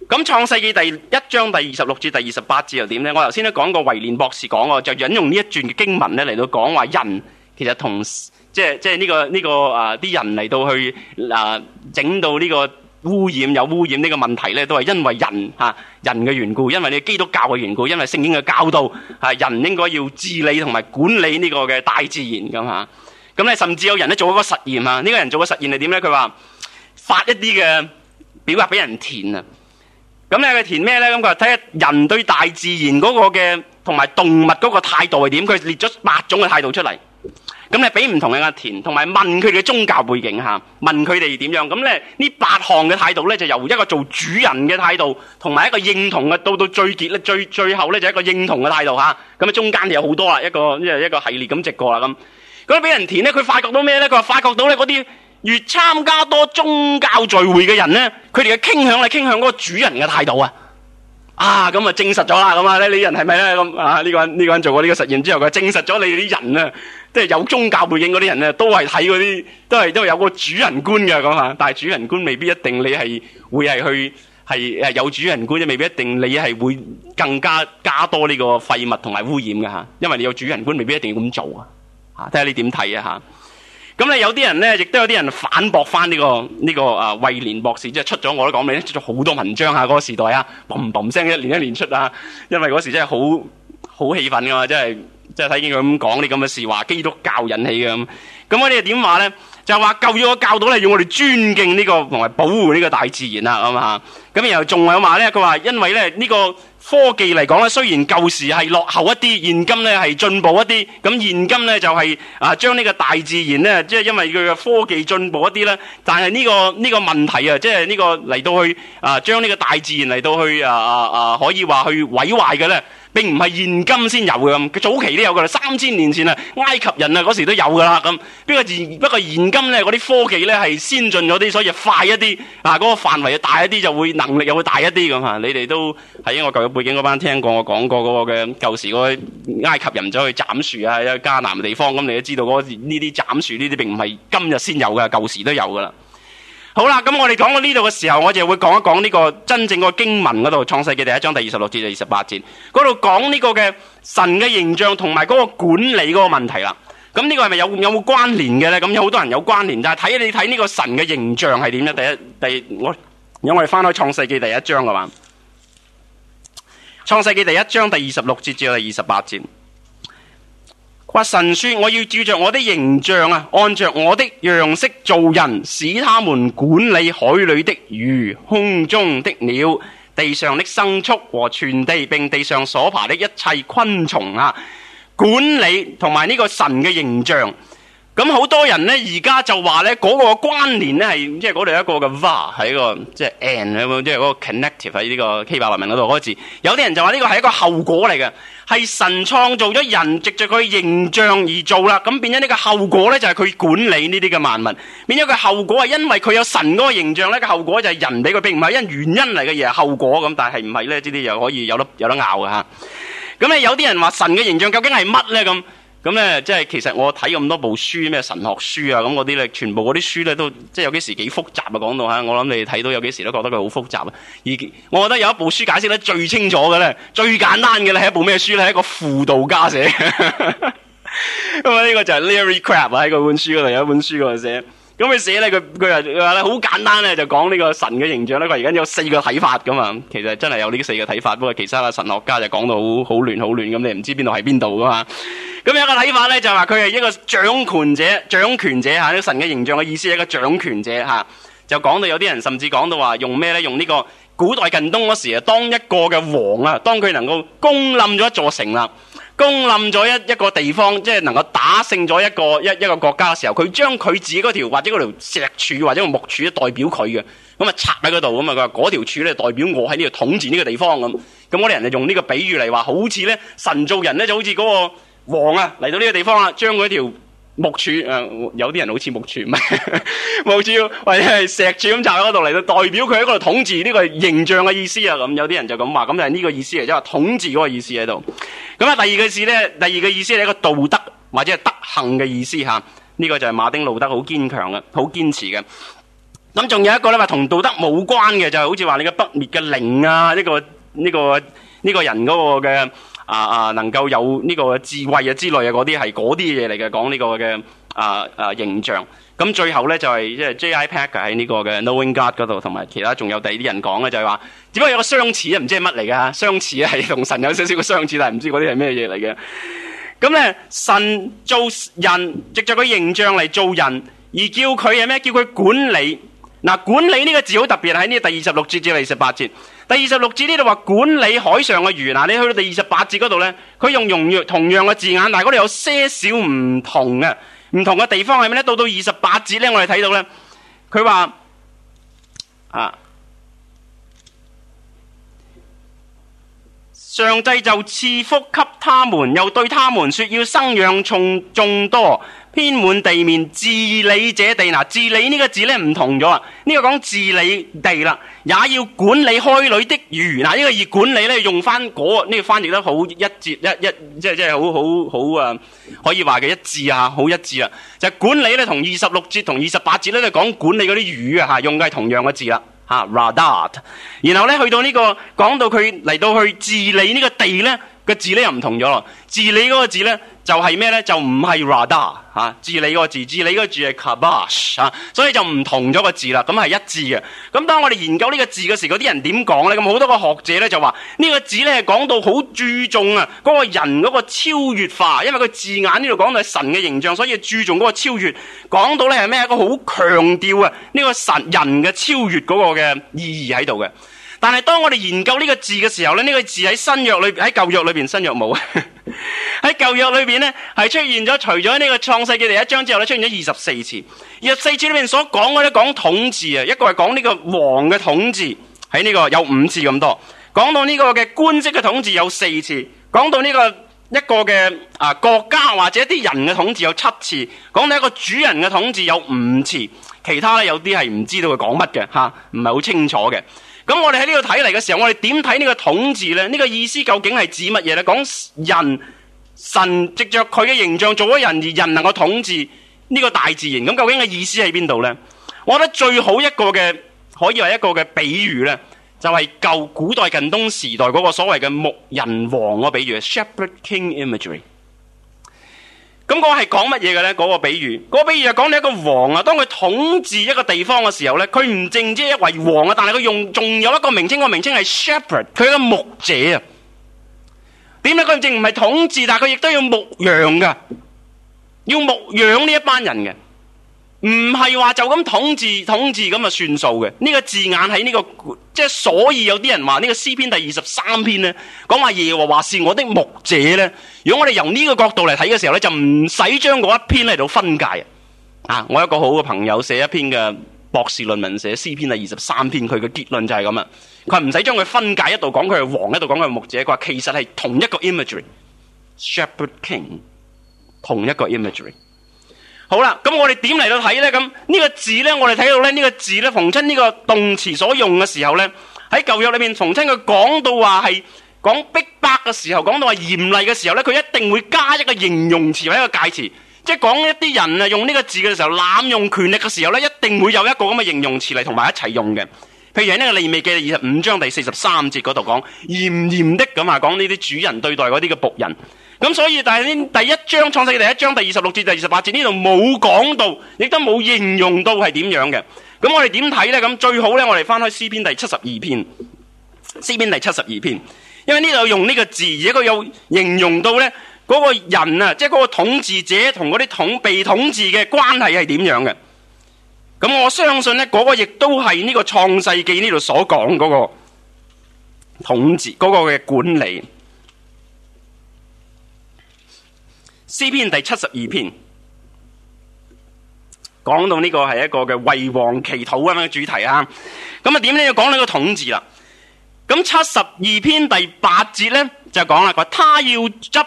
咁創世紀第一章第二十六至第二十八節又點呢？我頭先都講過維廉博士講過，就引用呢一段嘅經文咧嚟到講話人。其實同即係即係呢個呢個啊啲人嚟到去啊整到呢個污染有污染呢個問題咧，都係因為人吓人嘅緣故，因為呢基督教嘅緣故，因為聖經嘅教導吓人應該要治理同埋管理呢個嘅大自然噶嘛。咁咧甚至有人咧做咗一個實驗啊，呢個人做個實驗係點咧？佢話發一啲嘅表格俾人填啊。咁咧佢填咩咧？咁佢話睇下人對大自然嗰個嘅同埋動物嗰個態度係點？佢列咗八種嘅態度出嚟。咁你俾唔同嘅人填，同埋問佢哋嘅宗教背景嚇，問佢哋點樣。咁咧呢八項嘅態度咧，就由一個做主人嘅態度，同埋一個認同嘅，到到最結咧最最後咧就一個認同嘅態度嚇。咁啊，中間有好多啦，一個即係一個系列咁直過啦咁。咁、啊、俾人填咧，佢發覺到咩咧？佢話發覺到咧，嗰啲越參加多宗教聚會嘅人咧，佢哋嘅傾向係傾向嗰個主人嘅態度啊。啊，咁啊，證實咗啦，咁啊咧，你啲人係咪咧咁啊？呢個人呢、呢個人做過呢個實驗之後，佢證實咗你哋啲人啊。即係有宗教背景嗰啲人咧，都係睇嗰啲，都係因為有個主人觀嘅，咁下。但係主人觀未必一定你係會係去係係有主人觀，即未必一定你係會更加加多呢個廢物同埋污染嘅吓。因為你有主人觀，未必一定要咁做啊。吓，睇下你點睇啊吓。咁咧有啲人咧，亦都有啲人反駁翻呢個呢個啊衛廉博士，即係出咗我都講明，出咗好多文章吓。嗰個時代啊，嘣嘣聲一年一年出啊。因為嗰時真係好好氣憤噶嘛，真係。即係睇見佢咁講啲咁嘅事，話基督教引起嘅咁，咁我哋點話咧？就話救咗個教徒，咧，要我哋尊敬呢、呢個同埋保護呢個大自然啦，係嘛？咁然後仲有話咧，佢話因為咧呢、呢個。科技嚟講咧，雖然舊時係落後一啲，現今咧係進步一啲。咁現今咧就係啊，將呢個大自然咧，即係因為佢嘅科技進步一啲咧，但係呢個呢個問題啊，即係呢個嚟到去啊，將呢個大自然嚟到去啊啊啊，可以話去毀壞嘅咧，並唔係現今先有嘅咁，早期都有嘅啦。三千年前啊，埃及人啊嗰時都有噶啦咁。不過現，不過現今咧，嗰啲科技咧係先進咗啲，所以快一啲啊，嗰個範圍又大一啲，就會能力又會大一啲咁嚇。你哋都係因為背景嗰班聽過我講過嗰、嗰個嘅舊時嗰個埃及人走去斬樹啊，喺迦南地方咁，你都知道嗰呢啲斬樹呢啲並唔係今日先有噶，舊時都有噶啦。好啦，咁我哋講到呢度嘅時候，我就會講一講呢、呢個真正個經文嗰度創世紀第一章第二十六節至二十八節嗰度講呢個嘅神嘅形象同埋嗰個管理嗰個問題啦。咁呢個係咪有有冇關聯嘅呢？咁有好多人有關聯，但係睇你睇呢個神嘅形象係點咧。第一，第一我如果我哋翻開創世紀第一章嘅話。創世紀第一章第二十六節至第二十八節，話神說：我要照着我的形象啊，按着我的樣式造人，使他們管理海裏的魚、空中的鳥、地上的牲畜和全地，並地上所爬的一切昆蟲啊，管理同埋呢個神嘅形象。咁好多人咧，而家就話咧嗰個關聯咧係，即係嗰度一個嘅 v a 喺個即係、就是、and 咁，即係嗰個 connective 喺呢個 K 百萬人嗰度開始。有啲人就話呢個係一個後果嚟嘅，係神創造咗人，藉着佢形象而做啦。咁變咗呢個後果咧就係佢管理呢啲嘅萬物。變咗個後果係因為佢有神嗰個形象咧，個後果就係、那個、人俾佢，並唔係因為原因嚟嘅嘢，後果咁。但係係唔係咧？呢啲又可以有得有得拗嘅吓。咁咧有啲人話神嘅形象究竟係乜咧咁？咁咧，即係、嗯、其實我睇咁多部書咩神學書啊，咁嗰啲咧，全部嗰啲書咧都，即係有幾時幾複雜啊！講到吓，我諗你睇到有幾時都覺得佢好複雜、啊。而我覺得有一部書解釋得最清楚嘅咧，最簡單嘅咧係一部咩書咧？係一個輔導家寫嘅、 嗯，咁啊呢個就係 Larry Crabb 喺嗰本書嗰度有一本書嗰度寫。咁佢寫咧，佢佢話佢話咧好簡單咧，就講呢個神嘅形象咧。佢而家有四個睇法噶嘛，其實真係有呢四個睇法。不過其他嘅神學家就講到好亂，好亂咁，你唔知邊度係邊度噶嘛。咁有一個睇法咧，就話佢係一個掌權者，掌權者吓，這個、神嘅形象嘅意思係一個掌權者吓。就講到有啲人甚至講到話用咩咧？用呢個古代近東嗰時啊，當一個嘅王啊，當佢能夠攻冧咗一座城啦。攻冧咗一一個地方，即係能夠打勝咗一個一一個國家嘅時候，佢將佢自己嗰條或者嗰條石柱或者木柱代表佢嘅，咁啊插喺嗰度咁啊，佢話嗰條柱咧代表我喺呢度統治呢個地方咁，咁我哋人就用呢個比喻嚟話，好似咧神造人咧就好似嗰個王啊嚟到呢個地方啊，將嗰條，木柱，誒、呃，有啲人好似木柱，唔係， 木柱，或者係石柱咁就喺嗰度嚟到，代表佢喺嗰度統治呢、這個形象嘅意思啊，咁有啲人就咁話，咁就係呢個意思嚟，即係話統治嗰個意思喺度。咁啊，第二個字咧，第二個意思係一個道德或者係德行嘅意思吓，呢、這個就係馬丁路德好堅強嘅，好堅持嘅。咁仲有一個咧，話同道德冇關嘅，就係、是、好似話你嘅不滅嘅靈啊，呢、這個呢、這個呢、這個人嗰個嘅。啊啊！能夠有呢個智慧啊之類、這個、啊嗰啲係嗰啲嘢嚟嘅，講呢個嘅啊啊形象。咁最後咧就係即係 J. I. Packer 喺、er、呢個嘅 Knowing God 嗰度，同埋其他仲有第二啲人講嘅就係、是、話，只不過有個相似啊？唔知係乜嚟噶？相似係同神有少少個相似，相似相似但係唔知嗰啲係咩嘢嚟嘅。咁咧神做人，藉着個形象嚟做人，而叫佢係咩？叫佢管理嗱、啊、管理呢個字好特別，喺呢個第二十六節至係二十八節。第二十六節呢度話，管理海上嘅魚。嗱，你去到第二十八節嗰度呢，佢用容同樣同樣嘅字眼，但係嗰度有些少唔同嘅唔同嘅地方係咩呢？到到二十八節呢，我哋睇到呢，佢話啊上帝就賜福給他們，又對他們說，要生養從眾多。遍滿地面治理者地嗱、啊、治理呢個字咧唔同咗啊，呢個講治理地啦，也要管理海裏的魚嗱呢、啊這個以管理咧用翻嗰呢個翻譯得好一致一一即係即係好好好啊可以話嘅一致啊好一致啊就是、管理咧同二十六節同二十八節咧就講管理嗰啲魚啊吓用嘅係同樣嘅字啦吓、啊、radat 然後咧去到呢、這個講到佢嚟到去治理呢個地咧、那個字咧又唔同咗啦治理嗰個字咧就係咩咧就唔係 radat。啊！治理個字，治理個字係 kabash 啊，所以就唔同咗個字啦。咁係一致嘅。咁當我哋研究呢個字嘅時候，嗰啲人點講呢？咁好多個學者呢就話呢個字呢講到好注重啊，嗰個人嗰個超越化，因為佢字眼呢度講到係神嘅形象，所以注重嗰個超越。講到呢係咩？一個好強調啊，呢個神人嘅超越嗰個嘅意義喺度嘅。但係當我哋研究呢個字嘅時候咧，呢、這個字喺新約裏喺舊約裏邊新約冇喺舊約裏邊咧係出現咗除咗呢個創世記第一章之後咧出現咗二十四次，二十四次裏面所講嘅咧講統治啊，一個係講呢個王嘅統治喺呢個有五次咁多，講到呢個嘅官職嘅統治有四次，講到呢個一個嘅啊國家或者啲人嘅統治有七次，講到一個主人嘅統治有五次，其他咧有啲係唔知道佢講乜嘅吓，唔係好清楚嘅。咁我哋喺呢度睇嚟嘅時候，我哋點睇呢個統治咧？呢個意思究竟係指乜嘢咧？講人神，藉着佢嘅形象做咗人，而人能夠統治呢個大自然，咁究竟嘅意思喺邊度咧？我覺得最好一個嘅可以話一個嘅比喻咧，就係舊古代近東時代嗰個所謂嘅牧人王嘅比喻，Shepherd King imagery。咁我係講乜嘢嘅呢？嗰、那個比喻，嗰、那個、比喻就講你一個王啊，當佢統治一個地方嘅時候咧，佢唔淨只係王啊，但係佢用仲有一個名稱，個名稱係 shepherd，佢個牧者啊。點解佢正唔係統治，但係佢亦都要牧羊嘅，要牧養呢一班人嘅。唔係話就咁統治、統治咁啊算數嘅，呢個字眼喺呢、這個即係、就是、所以有啲人話呢、這個詩篇第二十三篇呢，講話耶和華是我的牧者呢。如果我哋由呢個角度嚟睇嘅時候呢，就唔使將嗰一篇嚟到分界啊！啊，我一個好嘅朋友寫一篇嘅博士論文寫，寫詩篇第二十三篇，佢嘅結論就係咁啊。佢唔使將佢分界，一度講佢係王，一度講佢係牧者，佢話其實係同一個 imagery Shepherd King，同一個 imagery 好啦，咁我哋點嚟到睇呢？咁呢個字呢，我哋睇到呢，呢個字呢，逢親呢個動詞所用嘅時候呢，喺舊約裏面，逢親佢講到話係講逼迫嘅時候，講到話嚴厲嘅時候呢，佢一定會加一個形容詞或者一個介詞，即係講一啲人啊用呢個字嘅時候濫用權力嘅時候呢，一定會有一個咁嘅形容詞嚟同埋一齊用嘅。譬如喺呢個利未記嘅二十五章第四十三節嗰度講嚴嚴的咁啊，講呢啲主人對待嗰啲嘅僕人。咁所以，但係呢第一章創世記第一章第二十六至第二十八節呢度冇講到，亦都冇形容到係點樣嘅。咁我哋點睇呢？咁最好呢，我哋翻開詩篇第七十二篇。詩篇第七十二篇，因為呢度用呢個字，而一個又形容到呢嗰個人啊，即係嗰個統治者同嗰啲統被統治嘅關係係點樣嘅。咁我相信呢嗰個亦都係呢個創世記呢度所講嗰個統治嗰個嘅管理。詩篇第七十二篇，講到呢個係一個嘅為王祈禱，咁樣嘅主題啊。咁啊，點咧要講呢個統治啦？咁七十二篇第八節咧就講啦，佢話他要執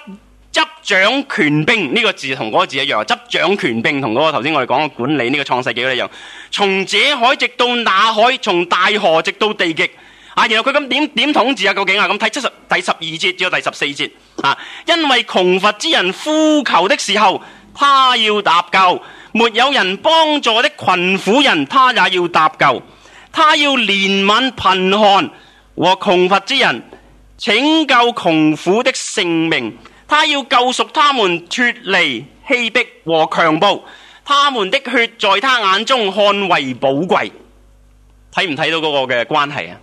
執掌權兵呢個，字同嗰個字一樣，執掌權兵同嗰個頭先我哋講嘅管理呢個創世紀一樣。從這海直到那海，從大河直到地極。啊！然後佢咁點點統治啊？究竟啊？咁睇七十第十二節至到第十四節啊。因為窮乏之人呼求的時候，他要搭救，沒有人幫助的困苦人，他也要搭救。他要憐憫貧寒和窮乏之人，拯救窮苦的性命。他要救贖他們脫離欺逼和強暴，他們的血在他眼中看為寶貴。睇唔睇到嗰個嘅關係啊？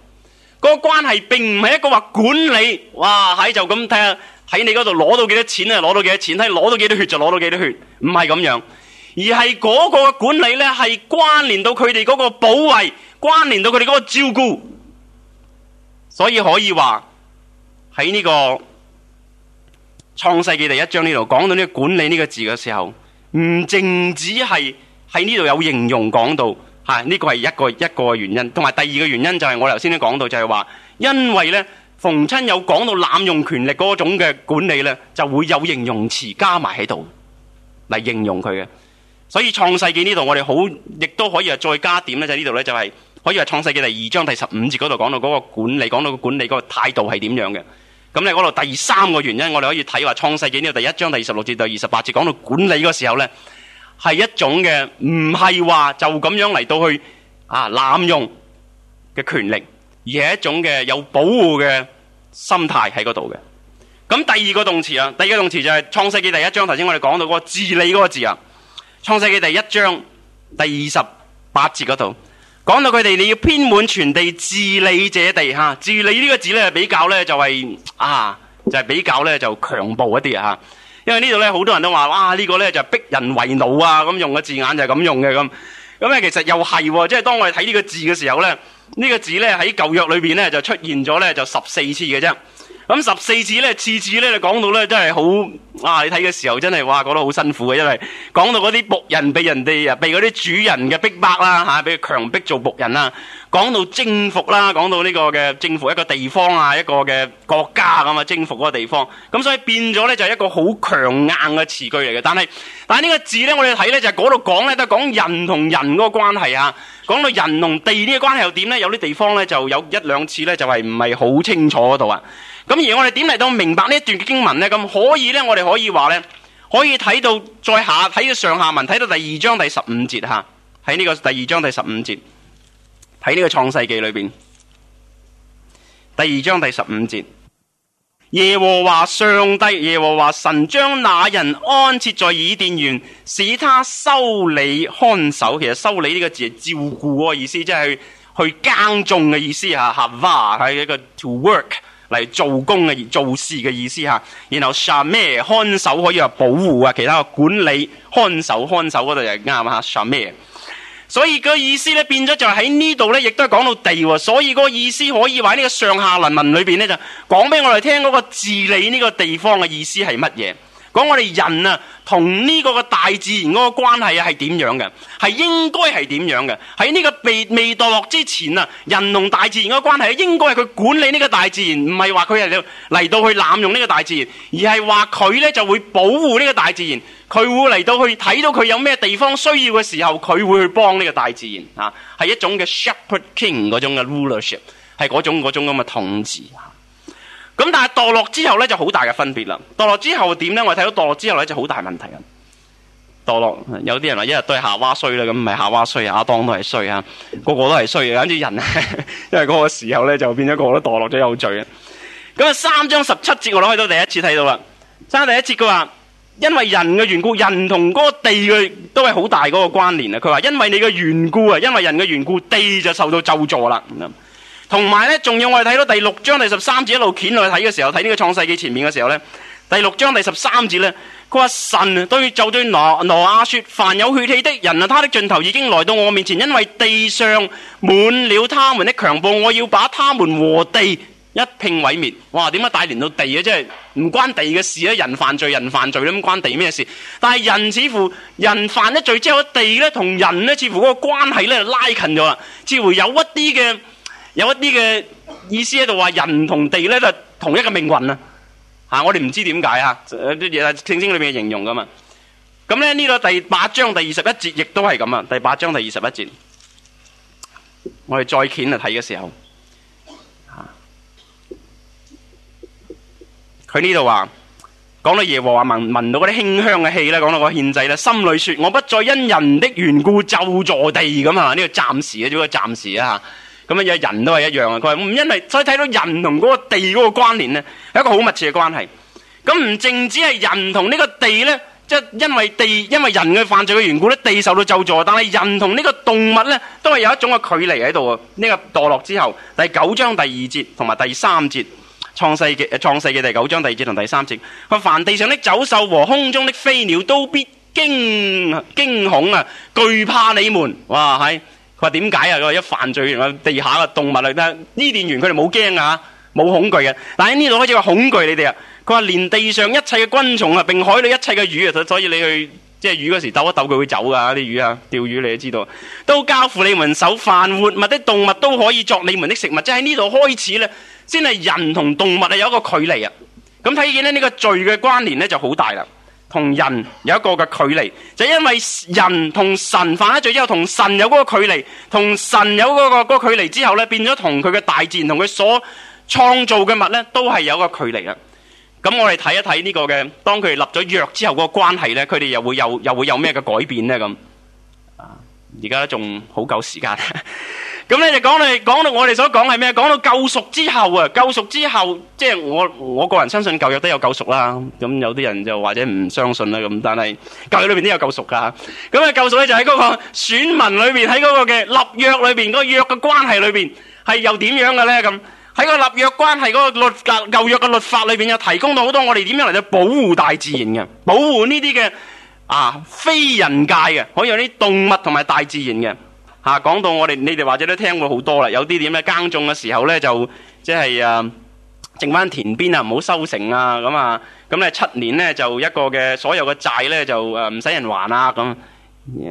個關係並唔係一個話管理，哇，喺，就咁睇下，喺你嗰度攞到幾多錢啊？攞到幾多錢？睇攞到幾多血就攞到幾多血，唔係咁樣，而係嗰個管理呢，係關連到佢哋嗰個保衛，關連到佢哋嗰個照顧，所以可以話喺呢個創世紀第一章呢度講到呢個管理呢個字嘅時候，唔淨止係喺呢度有形容講到。啊！呢個係一個一個原因，同埋第二個原因就係我頭先都講到就，就係話因為呢，逢親有講到濫用權力嗰種嘅管理呢，就會有形容詞加埋喺度嚟形容佢嘅。所以創世記呢度我哋好，亦都可以啊再加點呢。就喺呢度呢，就係、是、可以話創世記第二章第十五節嗰度講到嗰個管理，講到管理個態度係點樣嘅。咁你嗰度第三個原因，我哋可以睇話創世記呢度第一章第二十六節第二十八節講到管理嗰時候呢。係一種嘅，唔係話就咁樣嚟到去啊濫用嘅權力，而係一種嘅有保護嘅心態喺嗰度嘅。咁第二個動詞啊，第二個動詞就係創世紀第一章，頭先我哋講到嗰個治理嗰個字啊。創世紀第一章第二十八節嗰度講到佢哋你要遍滿全地治理這地吓，治理呢個字咧比較咧就係、是、啊就係、是、比較咧就強暴一啲啊。因為呢度好多人都話，哇、啊、呢、這個咧就逼人為奴啊，咁用嘅字眼就係咁用嘅咁。咁咧其實又係，即係當我哋睇呢個字嘅時候咧，呢、這個字咧喺舊約裏面咧就出現咗咧就十四次嘅啫。咁十四次咧，次次咧就講到咧，真係好啊！你睇嘅時候真係哇，覺得好辛苦嘅，因為講到嗰啲僕人被人哋啊，俾嗰啲主人嘅逼迫啦，吓，俾佢強迫做僕人啦，講到征服啦，講到呢個嘅征服一個地方啊，一個嘅國家咁啊，征服嗰個地方，咁所以變咗咧就係一個好強硬嘅詞句嚟嘅。但係但係呢個字咧，我哋睇咧就係嗰度講咧都係講人同人嗰個關係啊，講到人同地呢個關係又點咧？有啲地方咧就有一兩次咧就係唔係好清楚嗰度啊。咁而我哋點嚟到明白呢一段經文呢？咁可以呢，我哋可以話呢，可以睇到再下睇到上下文，睇到第二章第十五節吓，喺呢個第二章第十五節，喺呢個創世紀裏邊，第二章第十五節，耶和華上帝，耶和華神將那人安設在伊甸園，使他修理看守。其實修理呢個字係照顧嘅意、意思，即係去耕種嘅意思吓，合哇係一個 to work。嚟做工嘅、做事嘅意思哈，然後什咩看守可以話保護啊，其他嘅管理、看守、看守嗰度就啱啊，什咩？所以個意思咧變咗就喺呢度咧，亦都係講到地，所以個意思可以話呢個上下文文裏邊咧就講俾我哋聽嗰個治理呢個地方嘅意思係乜嘢。講我哋人啊，同呢個大自然嗰個關係啊，係點樣嘅？係應該係點樣嘅？喺呢個未未墮落之前啊，人同大自然嘅關係啊，應該係佢管理呢個大自然，唔係話佢係嚟到去濫用呢個大自然，而係話佢咧就會保護呢個大自然，佢會嚟到去睇到佢有咩地方需要嘅時候，佢會去幫呢個大自然啊，係一種嘅 shepherd king 嗰種嘅 rulership，係嗰種嗰種咁嘅統治。咁但係墮落之後咧就好大嘅分別啦。墮落之後點咧？我哋睇到墮落之後咧就好大問題墮啊。墮落，有啲人話一日都係夏娃衰啦，咁唔係夏娃衰，亞當都係衰啊，個個都係衰嘅，跟住人， 因為嗰個時候咧就變咗個個都墮落咗有罪啊。咁、嗯、啊，三章十七節我攞去到第一次睇到啦。三第一節佢話，因為人嘅緣故，人同嗰個地嘅都係好大嗰個關聯啊。佢話，因為你嘅緣故啊，因為人嘅緣故，地就受到咒詛啦。嗯同埋呢，仲要我哋睇到第六章第十三節一路捲落去睇嘅時候，睇呢個創世紀前面嘅時候呢，第六章第十三節呢，佢話神啊，對就對挪挪亞說：凡有血氣的人啊，他的盡頭已經來到我面前，因為地上滿了他們的強暴，我要把他們和地一併毀滅。哇！點解帶連到地嘅？即係唔關地嘅事啦，人犯罪，人犯罪啦，咁關地咩事？但係人似乎人犯咗罪之後，地呢同人呢，似乎嗰個關係呢拉近咗啊，似乎有一啲嘅。有一啲嘅意思喺度話人同地咧就同一個命運啊！吓，我哋唔知點解啊！啲嘢係聖經裏邊嘅形容噶嘛？咁咧呢個第八章第二十一節亦都係咁啊！第八章第二十一節，我哋再捲嚟睇嘅時候，佢呢度話講到耶和華聞聞到嗰啲馨香嘅氣咧，講到個獻祭咧，心裏說我不再因人的緣故咒詛地咁啊！呢、這個暫時，暫時啊，只不過暫時啊吓。咁啊！嘢人都係一樣啊。佢話唔因為，所以睇到人同嗰個地嗰個關聯咧，係一個好密切嘅關係。咁唔淨止係人同呢個地咧，即係因為地，因為人嘅犯罪嘅緣故咧，地受到咒詛。但係人同呢個動物咧，都係有一種嘅距離喺度啊。呢個墮落之後，第九章第二節同埋第三節，創世嘅創世嘅第九章第二節同第三節，佢話凡地上的走獸和空中的飛鳥都必驚驚恐啊，懼怕你們。哇！係。話點解啊？佢話，一犯罪，地下嘅動物啊，呢啲連完佢哋冇驚啊，冇恐懼嘅。但喺呢度開始話恐懼你哋啊。佢話連地上一切嘅昆蟲啊，並海裏一切嘅魚啊，所以你去即係魚嗰時抖一抖，佢會走噶啲魚啊。釣魚你都知道，都交付你們手。凡活物啲動物都可以作你們的食物。即係呢度開始咧，先係人同動物啊有一個距離啊。咁睇見咧呢個罪嘅關聯咧就好大啦。同人有一個嘅距離，就是，因為人同神犯咗罪之後，同神有嗰個距離，同神有嗰、嗰個、嗰個距離之後咧，變咗同佢嘅大自然、同佢所創造嘅物咧，都係有一個距離啦。咁我哋睇一睇呢個嘅，當佢哋立咗約之後個關係咧，佢哋又會有又會有咩嘅改變咧？咁啊，而家仲好久時間。 咁你哋講，講到我哋所講係咩？講到救贖之後啊，救贖之後，即係我我個人相信舊約都有救贖啦。咁有啲人就或者唔相信啦。咁但係舊約裏邊都有救贖噶。咁啊救贖咧就喺嗰個選民裏邊，喺嗰個嘅立約裏邊，個約嘅關係裏邊係又點樣嘅咧？咁喺個立約關係嗰個律舊約嘅律法裏邊，又提供到好多我哋點樣嚟到保護大自然嘅，保護呢啲嘅啊非人界嘅，可以有啲動物同埋大自然嘅。啊，講到我哋，你哋或者都聽過好多啦，有啲點嘅耕種嘅時候咧，就即係啊，剩翻田邊啊，唔好收成啊，咁啊，咁咧七年咧就一個嘅所有嘅債咧就誒唔使人還啊，咁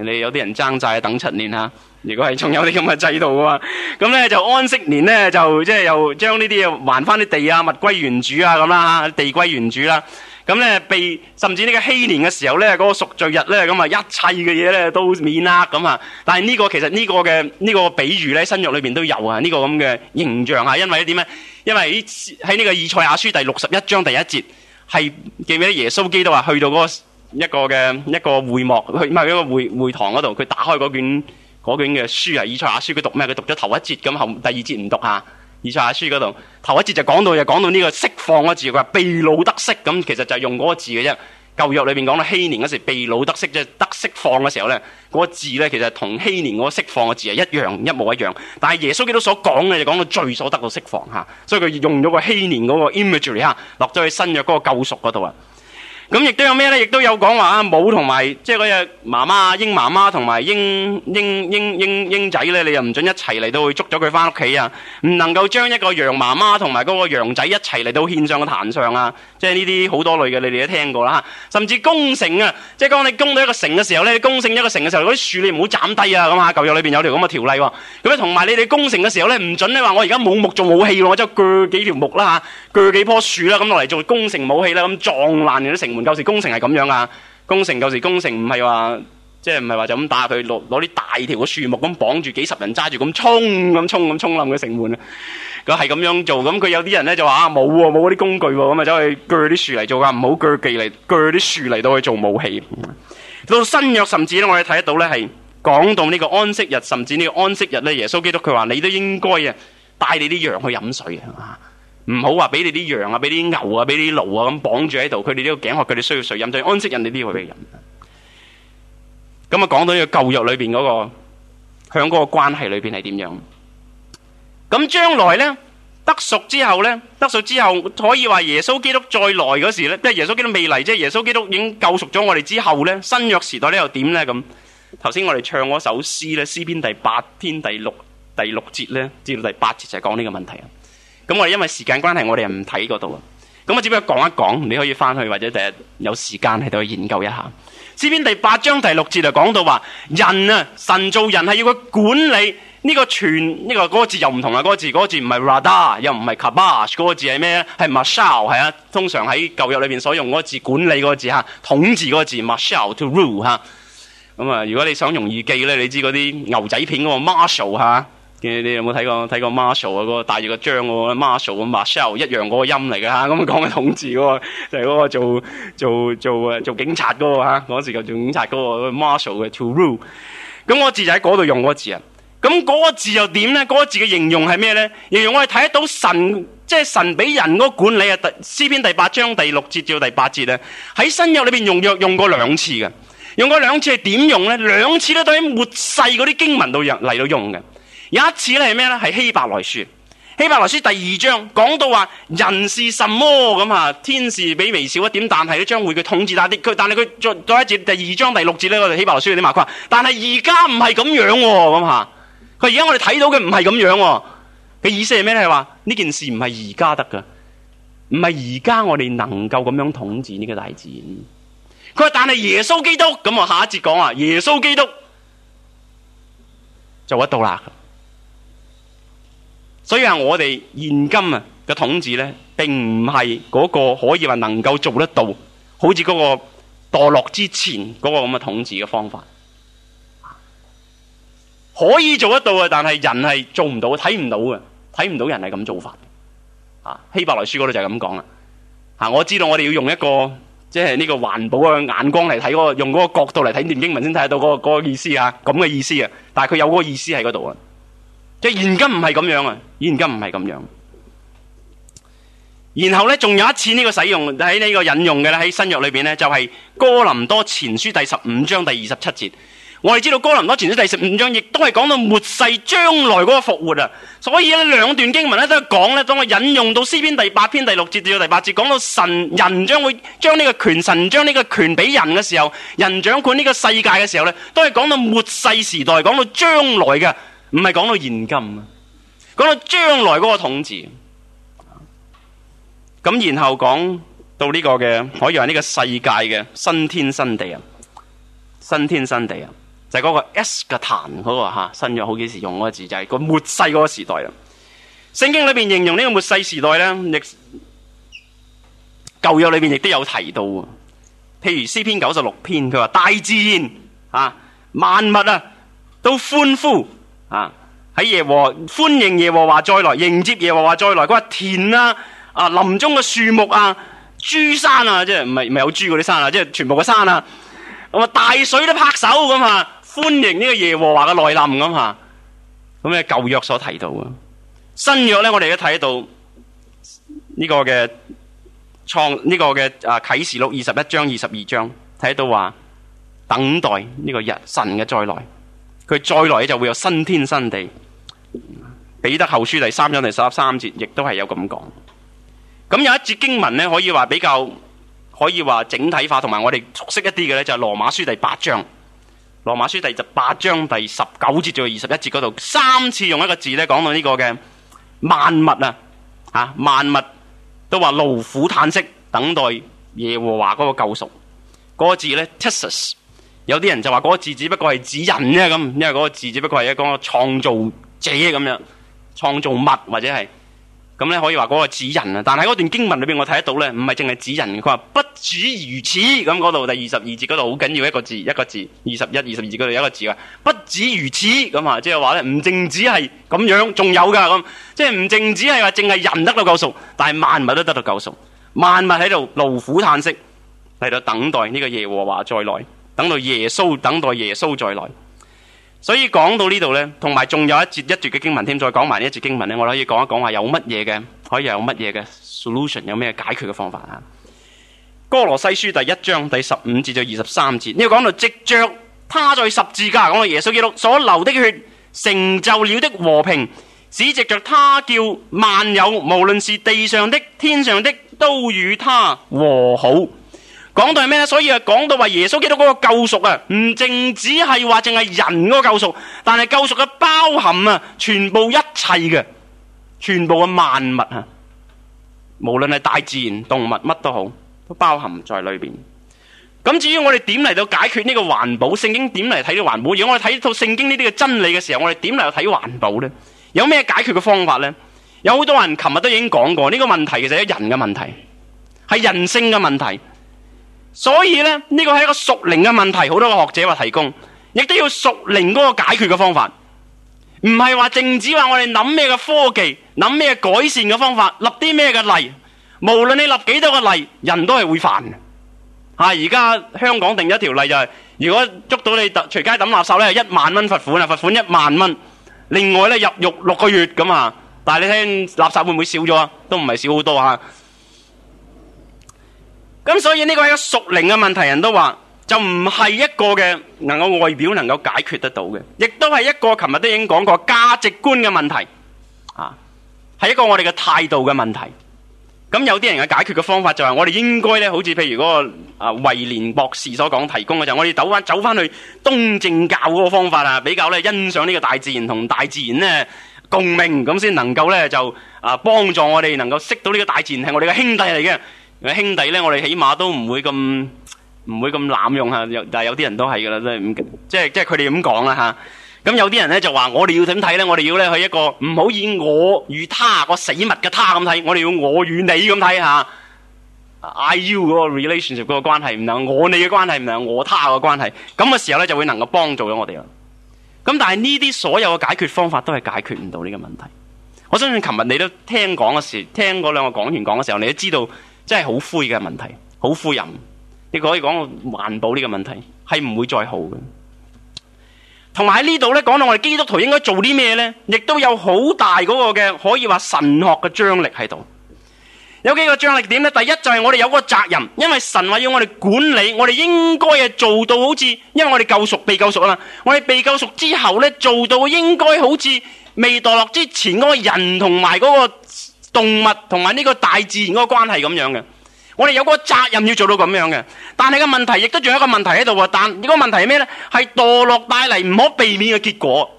你有啲人爭債等七年啊，如果係仲有啲咁嘅制度啊，咁咧就安息年咧就即係又將呢啲嘢還翻啲地啊，物歸原主啊，咁啦、啊啊，地歸原主啦、啊。咁咧被甚至呢個禧年嘅時候咧，嗰個贖罪日咧，咁啊一切嘅嘢咧都免厄咁啊！但係呢個其實呢個嘅呢個比喻咧，新約裏邊都有啊，呢個咁嘅形象啊，因為點咧？因為喺喺呢個以賽亞書第六十一章第一節，係記唔記得耶穌基督話去到嗰個一個嘅一個會幕，去唔係一個會會堂嗰度，佢打開嗰卷嗰卷嘅書啊，以賽亞書佢讀咩？佢讀咗頭一節，咁後第二節唔讀啊。以前阿書嗰度，頭一節就講到，就講到呢個釋放嗰字，佢話被擄得釋，咁其實就用嗰個字嘅啫。舊約裏面講到禧年嗰時被擄得釋，即係得釋放嘅時候咧，嗰、就是那個字咧其實同禧年嗰個釋放嘅字係一樣，一模一樣。但係耶穌基督所講嘅就講到罪所得到釋放吓，所以佢用咗個禧年嗰個 imagery 吓，落咗去新約嗰個救贖嗰度啊。咁亦都有咩呢？亦都有講話啊，母同埋即係嗰隻媽媽鷹媽媽同埋鷹鷹鷹鷹鷹仔咧，你又唔准一齊嚟到去捉咗佢返屋企啊！唔能夠將一個羊媽媽同埋嗰個羊仔一齊嚟到獻上個壇上啊！即係呢啲好多類嘅，你哋都聽過啦、啊、甚至攻城啊！即係講你攻到一個城嘅時候咧，你攻城一個城嘅時候，嗰啲樹你唔好斬低啊！咁、那個、啊，舊約裏邊有條咁嘅條例喎。咁啊，同埋你哋攻城嘅時候呢，唔准你話我而家冇木做武器喎，我即係鋸幾條木啦嚇、啊，鋸幾樖樹啦，咁落嚟做攻城武器啦，咁撞爛咗城。門舊時攻城係咁樣啊，攻城舊時攻城唔係話，即係唔係話就咁、是、打佢，攞攞啲大條嘅樹木咁，綁住幾十人揸住咁沖咁沖咁沖冧嘅城門啊！佢係咁樣做，咁佢有啲人咧就話冇喎，冇嗰啲工具喎，咁啊走去鋸啲樹嚟做啊，唔好鋸鋸嚟鋸啲樹嚟到去做武器。嗯、到新約甚至咧，我哋睇得到咧係講到呢個安息日，甚至呢個安息日咧，耶穌基督佢話你都應該啊，帶你啲羊去飲水啊。唔好話俾你啲羊啊，俾啲牛啊，俾啲驢啊咁綁住喺度。佢哋呢個頸渴，佢哋需要水飲，就要安息人哋呢個俾人。咁啊，講到呢個舊約裏邊嗰個，響嗰個關係裏邊係點樣？咁將來呢，得贖之後呢，得贖之後可以話耶穌基督再來嗰時呢，即係耶穌基督未嚟，即耶穌基督已經救贖咗我哋之後呢。新約時代呢，又點呢？咁頭先我哋唱嗰首詩呢，詩篇第八篇第六第六節呢，至到第八節就係講呢個問題啊。咁我哋因為時間關係，我哋又唔睇嗰度啦。咁我只不過講一講，你可以翻去或者第日有時間喺度去研究一下。詩篇第八章第六節就講到話，人啊，神造人係要佢管理呢個「全」呢個嗰個字又唔同啦，嗰個字、嗰個字唔係 radar，又唔係 kabash，嗰個字係咩？係 marshal 係啊，通常喺舊約裏邊所用嗰個字管理嗰個字吓，統治嗰個字 marshal to rule 吓。咁啊，如果你想容易記咧，你知嗰啲牛仔片嗰個 marshal 吓。Marshall, 你有冇睇過睇過 Marshall、那個、Marshall 啊？嗰個戴住個章個 Marshall Shell 一樣嗰個音嚟嘅吓，咁講緊統治嗰、那個就係、是、嗰個做做做誒做警察嗰、那個吓，嗰、啊、時就做警察嗰、那個 Marshall 嘅 To Rule。咁、那、我、個、字就喺嗰度用個字啊。咁、那、嗰個字又點咧？嗰、那個字嘅形容係咩咧？形容我哋睇得到神，即、就、係、是、神俾人嗰個管理啊。第詩篇第八章第六節至到第八節啊，喺新約裏邊用用用過兩次嘅，用過兩次係點用咧？兩次都對喺末世嗰啲經文度用嚟到用嘅。有一次咧係咩咧？係希伯來書，希伯來書第二章講到話人是什麼咁啊？天使比微小一點，但係佢將會佢統治大啲。佢但係佢再再一節第二章第六節咧，我哋希伯來書有啲麻煩。但係而家唔係咁樣喎，咁啊！佢而家我哋睇到嘅唔係咁樣喎。佢意思係咩咧？係話呢件事唔係而家得噶，唔係而家我哋能夠咁樣統治呢個大自然。佢但係耶穌基督咁啊！我下一節講啊，耶穌基督就得到啦。所以話我哋現今啊嘅統治咧，並唔係嗰個可以話能夠做得到，好似嗰個墮落之前嗰個咁嘅統治嘅方法，可以做得到嘅，但係人係做唔到，睇唔到嘅，睇唔到人係咁做法。啊，希伯來書嗰度就係咁講啦。啊，我知道我哋要用一個即係呢個環保嘅眼光嚟睇嗰個，用嗰個角度嚟睇念英文先睇得到嗰、嗰個意思嚇、啊，咁嘅意思啊，但係佢有嗰個意思喺嗰度啊。即係現今唔係咁樣啊，現今唔係咁樣。然後呢，仲有一次呢個使用喺呢個引用嘅啦，喺新約裏邊呢，就係哥林多前書第十五章第二十七節。我哋知道哥林多前書第十五章亦都係講到末世將來嗰個復活啊。所以呢兩段經文咧都係講呢，當我引用到詩篇第八篇第六節到第八節，講到神人將會將呢個權，神將呢個權俾人嘅時候，人掌管呢個世界嘅時候呢，都係講到末世時代，講到將來嘅。唔係講到現今，啊，講到將來嗰個統治，咁然後講到呢個嘅，可以話呢個世界嘅新天新地啊，新天新地啊，就係嗰個埃斯噶壇嗰個吓，新約好幾時用嗰個字就係個末世嗰個時代啦。聖經裏邊形容呢個末世時代咧，舊約裏邊亦都有提到，譬如詩篇九十六篇，佢話大自然啊，萬物啊，都歡呼。啊！喺耶和歡迎耶和華再來，迎接耶和華再來。佢話田啦，啊，啊林中嘅樹木啊，珠山啊，即係唔係唔係有珠嗰啲山啊，即係全部嘅山啊。咁啊，大水都拍手咁啊，歡迎呢個耶和華嘅來臨咁吓。咁咩舊約所提到啊，新約咧，我哋都睇到呢個嘅創呢個嘅啊啟示錄二十一章二十二章睇到話等待呢個日神嘅再來。佢再來就會有新天新地。彼得後書第三章第十三節，亦都係有咁講。咁有一節經文咧，可以話比較可以話整體化，同埋我哋熟悉一啲嘅咧，就係羅馬書第八章。羅馬書第八章第十九節至二十一節嗰度，三次用一個字咧講到呢個嘅萬物啊，啊萬物都話勞苦嘆息，等待耶和華嗰個救贖。嗰、那個字咧，tesse。T 有啲人就話嗰個字只不過係指人啫，咁，因為嗰個字只不過係一個創造者咁樣，創造物或者係咁咧，可以話嗰個指人啊。但係嗰段經文裏邊，我睇得到咧，唔係淨係指人。佢話不止如此，咁嗰度第二十二節嗰度好緊要一個字，一個字，二十一、二十二嗰度一個字啊，不止如此咁啊，即係話咧，唔淨止係咁樣，仲有噶咁，即係唔淨止係話淨係人得到救贖，但係萬物都得到救贖，萬物喺度勞苦嘆息，嚟到等待呢個耶和華再來。等到耶穌，等待耶穌再來，所以講到呢度呢，同埋仲有一節一節嘅經文添，再講埋呢一節經文呢，我都可以講一講下有乜嘢嘅，可以有乜嘢嘅 solution，有咩解決嘅方法啊？哥羅西書第一章第十五節到二十三節，你要講到藉着他在十字架講到耶穌基督所流的血成就了的和平，使藉着他叫萬有無論是地上的天上的都與他和好。講到係咩咧？所以啊，講到話耶穌基督嗰個救贖啊，唔淨止係話淨係人嗰個救贖，但係救贖嘅包含啊，全部一切嘅，全部嘅萬物啊，無論係大自然、動物乜都好，都包含在裏邊。咁至於我哋點嚟到解決呢個環保，聖經點嚟睇呢個環保？而我哋睇到聖經呢啲嘅真理嘅時候，我哋點嚟去睇環保呢？有咩解決嘅方法呢？有好多人琴日都已經講過呢，呢個問題其實係人嘅問題，係人性嘅問題。所以呢，呢個係一個屬靈嘅問題，好多個學者話提供，亦都要屬靈嗰個解決嘅方法，唔係話淨止話我哋諗咩嘅科技，諗咩改善嘅方法，立啲咩嘅例。無論你立幾多個例，人都係會犯。嚇、啊！而家香港定咗條例就係、是，如果捉到你突隨街抌垃圾咧，一萬蚊罰款啊，罰款一萬蚊。另外呢，入獄六個月咁啊。但係你睇垃圾會唔會少咗啊？都唔係少好多嚇。咁、嗯、所以呢個係一個屬靈嘅問題，人都話就唔係一個嘅能夠外表能夠解決得到嘅，亦都係一個。琴日都已經講過價值觀嘅問題，啊，係一個我哋嘅態度嘅問題。咁、嗯、有啲人嘅解決嘅方法就係我哋應該咧，好似譬如嗰，那個啊維廉博士所講，提供嘅就是，我哋走翻走翻去東正教嗰個方法啊，比較咧欣賞呢個大自然同大自然咧共鳴，咁先能夠咧就啊幫助我哋能夠識到呢個大自然係我哋嘅兄弟嚟嘅。兄弟咧，我哋起碼都唔會咁唔會咁濫用吓，但係有啲人都係㗎啦，真係，即係即係佢哋咁講啦吓。咁、就是啊、有啲人咧就話我哋要點睇咧？我哋要咧去一個唔好以我與他個死物嘅他咁睇，啊，我哋要我與你咁睇下，IU 嗰個 relationship 嗰個關係唔同，那個，我你嘅關係唔同，我他嘅關係，咁嘅時候咧就會能夠幫助咗我哋啦。咁但係呢啲所有嘅解決方法都係解決唔到呢個問題。我相信琴日你都聽講嘅時，聽嗰兩個講員講嘅時候，你都知道。真係好灰嘅問題，好灰人。你可以講環保呢個問題係唔會再好嘅。同埋喺呢度咧，講到我哋基督徒應該做啲咩呢？亦都有好大嗰個嘅可以話神學嘅張力喺度。有幾個張力點呢？第一就係我哋有個責任，因為神話要我哋管理，我哋應該係做到好似，因為我哋救贖被救贖啊嘛，我哋被救贖之後呢，做到應該好似未墮落之前嗰個人同埋嗰個。動物同埋呢個大自然嗰個關係咁樣嘅，我哋有個責任要做到咁樣嘅。但係個問題亦都仲有一個問題喺度啊！但個問題係咩呢？係墮落帶嚟唔可避免嘅結果，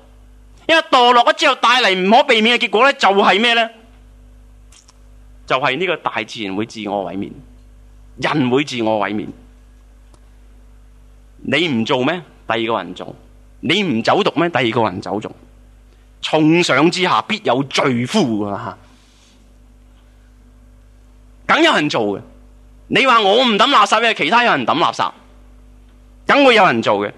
因為墮落咗之後帶嚟唔可避免嘅結果呢，就係咩呢？就係呢個大自然會自我毀滅，人會自我毀滅。你唔做咩？第二個人做。你唔走讀咩？第二個人走讀。重上之下必有罪夫啊！梗有人做嘅，你話我唔抌垃圾嘅，其他有人抌垃圾，梗會有人做嘅。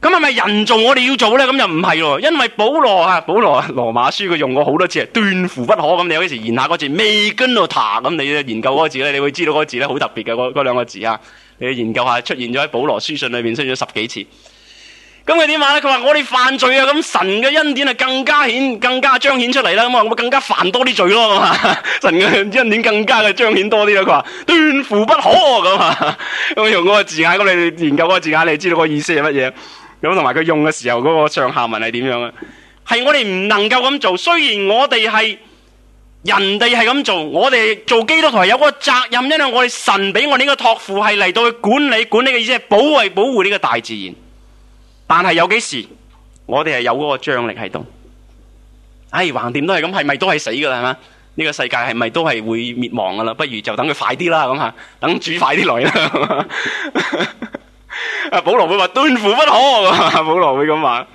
咁係咪人做我哋要做咧？咁又唔係喎，因為保羅啊，保羅羅馬書佢用過好多次，斷乎不可咁。那你有啲時研下嗰字，未根諾塔咁，你研究嗰個字咧，你會知道嗰個字咧好特別嘅。嗰嗰兩個字啊，你研究下出現咗喺保羅書信裏面，出現咗十幾次。咁佢點話咧？佢話我哋犯罪啊！咁神嘅恩典啊，更加顯、更加彰顯出嚟啦！咁啊，我更加犯多啲罪咯，咁神嘅恩典更加嘅彰顯多啲咯。佢話斷乎不可咁啊！咁用嗰個字眼，我哋研究嗰個字眼，你知道個意思係乜嘢？咁同埋佢用嘅時候嗰個上下文係點樣啊？係我哋唔能夠咁做，雖然我哋係人哋係咁做，我哋做基督徒係有個責任，因為我哋神俾我呢個託付係嚟到去管理、管理嘅意思係保衛、保護呢個大自然。但係有幾時，我哋係有嗰個張力喺度。哎，橫掂都係咁，係咪都係死噶啦？係嘛，呢、這個世界係咪都係會滅亡噶啦？不如就等佢快啲啦，咁吓，等主快啲來啦。阿保羅會話斷乎不可，保羅會咁話。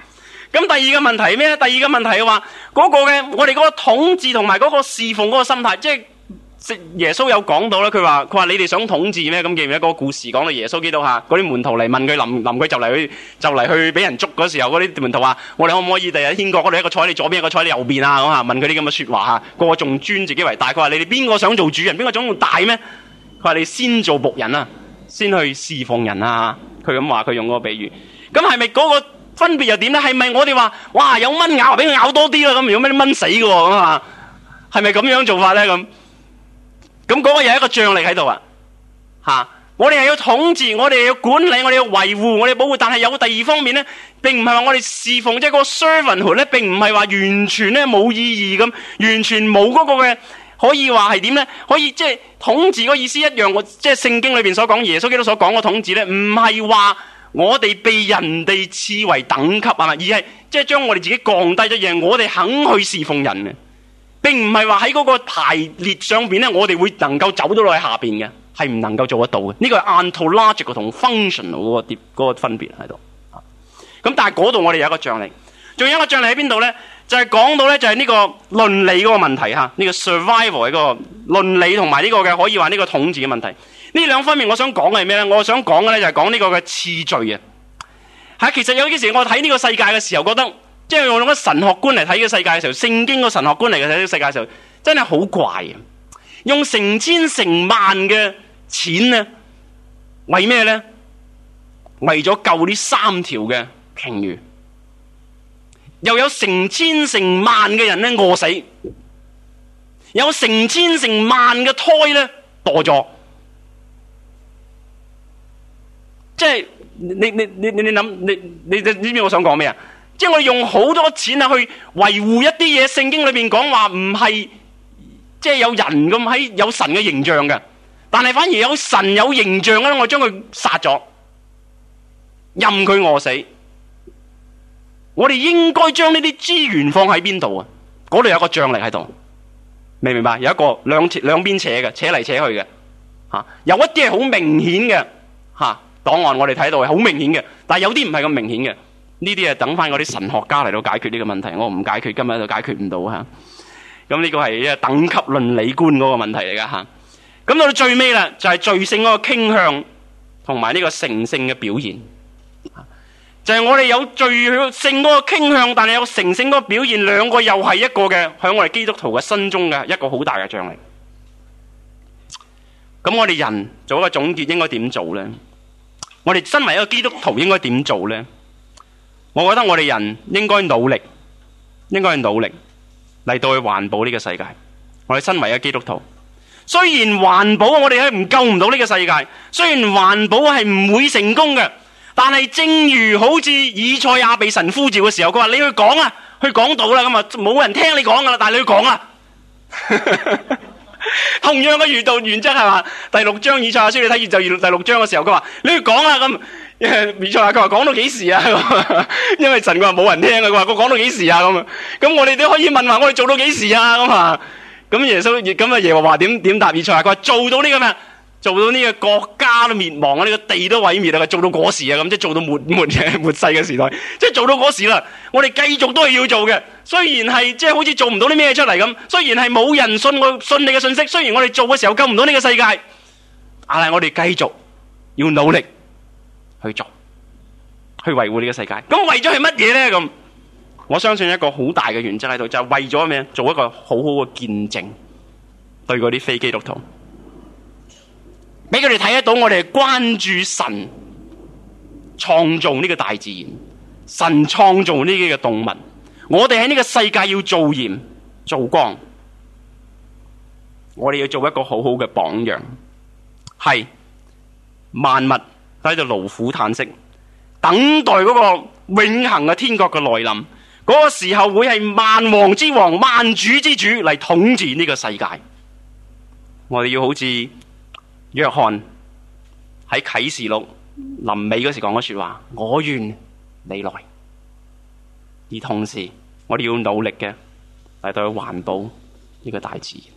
咁第二個問題咩？第二個問題嘅話，嗰、那個嘅我哋嗰個統治同埋嗰個侍奉嗰個心態，即係。耶穌有講到咧，佢話佢話你哋想統治咩？咁記唔記得嗰個故事講到耶穌基督吓，嗰啲門徒嚟問佢，臨臨，佢就嚟去就嚟去俾人捉嗰時候，嗰啲門徒話：我哋可唔可以第日天國嗰度一個坐喺你左邊，一個坐喺你右邊啊？咁啊，問佢啲咁嘅說話吓，個個仲尊自己為大。佢話你哋邊個想做主人，邊個想大咩？佢話你先做僕人啦，先去侍奉人啊。佢咁話，佢用嗰個比喻。咁係咪嗰個分別又點咧？係咪我哋話哇有蚊咬，俾佢咬多啲啦？咁如果咩蚊死嘅咁啊？係咪咁樣做法咧咁？咁嗰個又一個張力喺度啊！吓，我哋係要統治，我哋要管理，我哋要維護，我哋保護。但係有個第二方面呢，並唔係話我哋侍奉即係、就是、個 servanthood 咧，並唔係話完全咧冇意義咁，完全冇嗰個嘅可以話係點呢？可以即係、就是、統治嘅意思一樣，我即係聖經裏邊所講耶穌基督所講嘅統治呢，唔係話我哋被人哋視為等級啊，嘛，而係即係將我哋自己降低咗，讓我哋肯去侍奉人嘅。並唔係話喺嗰個排列上邊咧，我哋會能夠走到落去下邊嘅，係唔能夠做得到嘅。呢、這個係 ontological 同 functional 嗰、那個碟、那個分別喺度。咁、嗯、但係嗰度我哋有一個張力，仲有一個張力喺邊度呢？就係、是、講到呢，就係、是、呢個倫理嗰個問題吓，呢、啊這個 survival 呢、那個倫理同埋呢個嘅可以話呢個統治嘅問題。呢兩方面我想講嘅係咩呢？我想講嘅呢，就係講呢個嘅次序啊。係其實有幾時我睇呢個世界嘅時候，覺得。即係用咗神學觀嚟睇呢個世界嘅時候，聖經個神學觀嚟嘅睇呢個世界嘅時候，真係好怪啊！用成千成萬嘅錢咧，為咩咧？為咗救呢三條嘅鯨魚，又有成千成萬嘅人咧餓死，有成千成萬嘅胎咧墮咗。即係你你你你你諗，你你知唔知我想講咩啊？即係我用好多錢啊，去維護一啲嘢。聖經裏面講話唔係，即係有人咁喺有神嘅形象嘅，但係反而有神有形象咧，我將佢殺咗，任佢餓死。我哋應該將呢啲資源放喺邊度啊？嗰度，有個張力喺度，明唔明白？有一個兩兩邊扯嘅，扯嚟扯去嘅，吓、啊、有一啲係好明顯嘅，吓、啊、檔案我哋睇到係好明顯嘅，但係有啲唔係咁明顯嘅。呢啲啊，等翻嗰啲神學家嚟到解決呢個問題，我唔解決，今日就解決唔到吓。咁、啊、呢個係一個等級倫理觀嗰個問題嚟噶吓。咁、啊、到最尾啦，就係、是、罪性嗰個傾向同埋呢個聖性嘅表現，啊、就係、是、我哋有罪性嗰個傾向，但係有聖性嗰個表現，兩個又係一個嘅喺我哋基督徒嘅心中嘅一個好大嘅障礙。咁我哋人做一個總結，應該點做呢？我哋身為一個基督徒，應該點做呢？我覺得我哋人應該努力，應該去努力嚟到去環保呢個世界。我哋身為一個基督徒，雖然環保我哋係唔救唔到呢個世界，雖然環保係唔會成功嘅，但係正如好似以賽亞被神呼召嘅時候，佢話你去講啊，去講道啦，咁啊冇人聽你講噶啦，但係你去講啊。 同樣嘅預道原則係嘛？第六章以賽亞書，你睇完就第六章嘅時候，佢話你去講啊咁。因為比賽佢話講到幾時啊？ 因為神佢話冇人聽啊！佢話佢講到幾時啊？咁啊，咁我哋都可以問話，我哋做到幾時啊？咁啊，咁耶穌咁啊，耶穌話點點答比賽？佢話做到呢個咩？做到呢個國家都滅亡啊！呢個地都毀滅啊！做到嗰時啊，咁即係做到末末末世嘅時代，即係做到嗰時啦。我哋繼續都係要做嘅，雖然係即係好似做唔到啲咩出嚟咁，雖然係冇人信我信你嘅信息，雖然我哋做嘅時候救唔到呢個世界，但係我哋繼續要努力。去做，去維護呢個世界。咁為咗係乜嘢呢？咁我相信一個好大嘅原則喺度，就係為咗咩？做一個好好嘅見證，對嗰啲非基督徒，俾佢哋睇得到，我哋係關注神創造呢個大自然，神創造呢啲嘅動物，我哋喺呢個世界要做鹽、做光，我哋要做一個好好嘅榜樣，係萬物。喺度勞苦嘆息，等待嗰個永恆嘅天國嘅來臨，嗰個時候會係萬王之王、萬主之主嚟統治呢個世界。我哋要好似約翰喺啟示錄臨尾嗰時講嘅說話：我願你來。而同時，我哋要努力嘅嚟到去環保呢個大自然。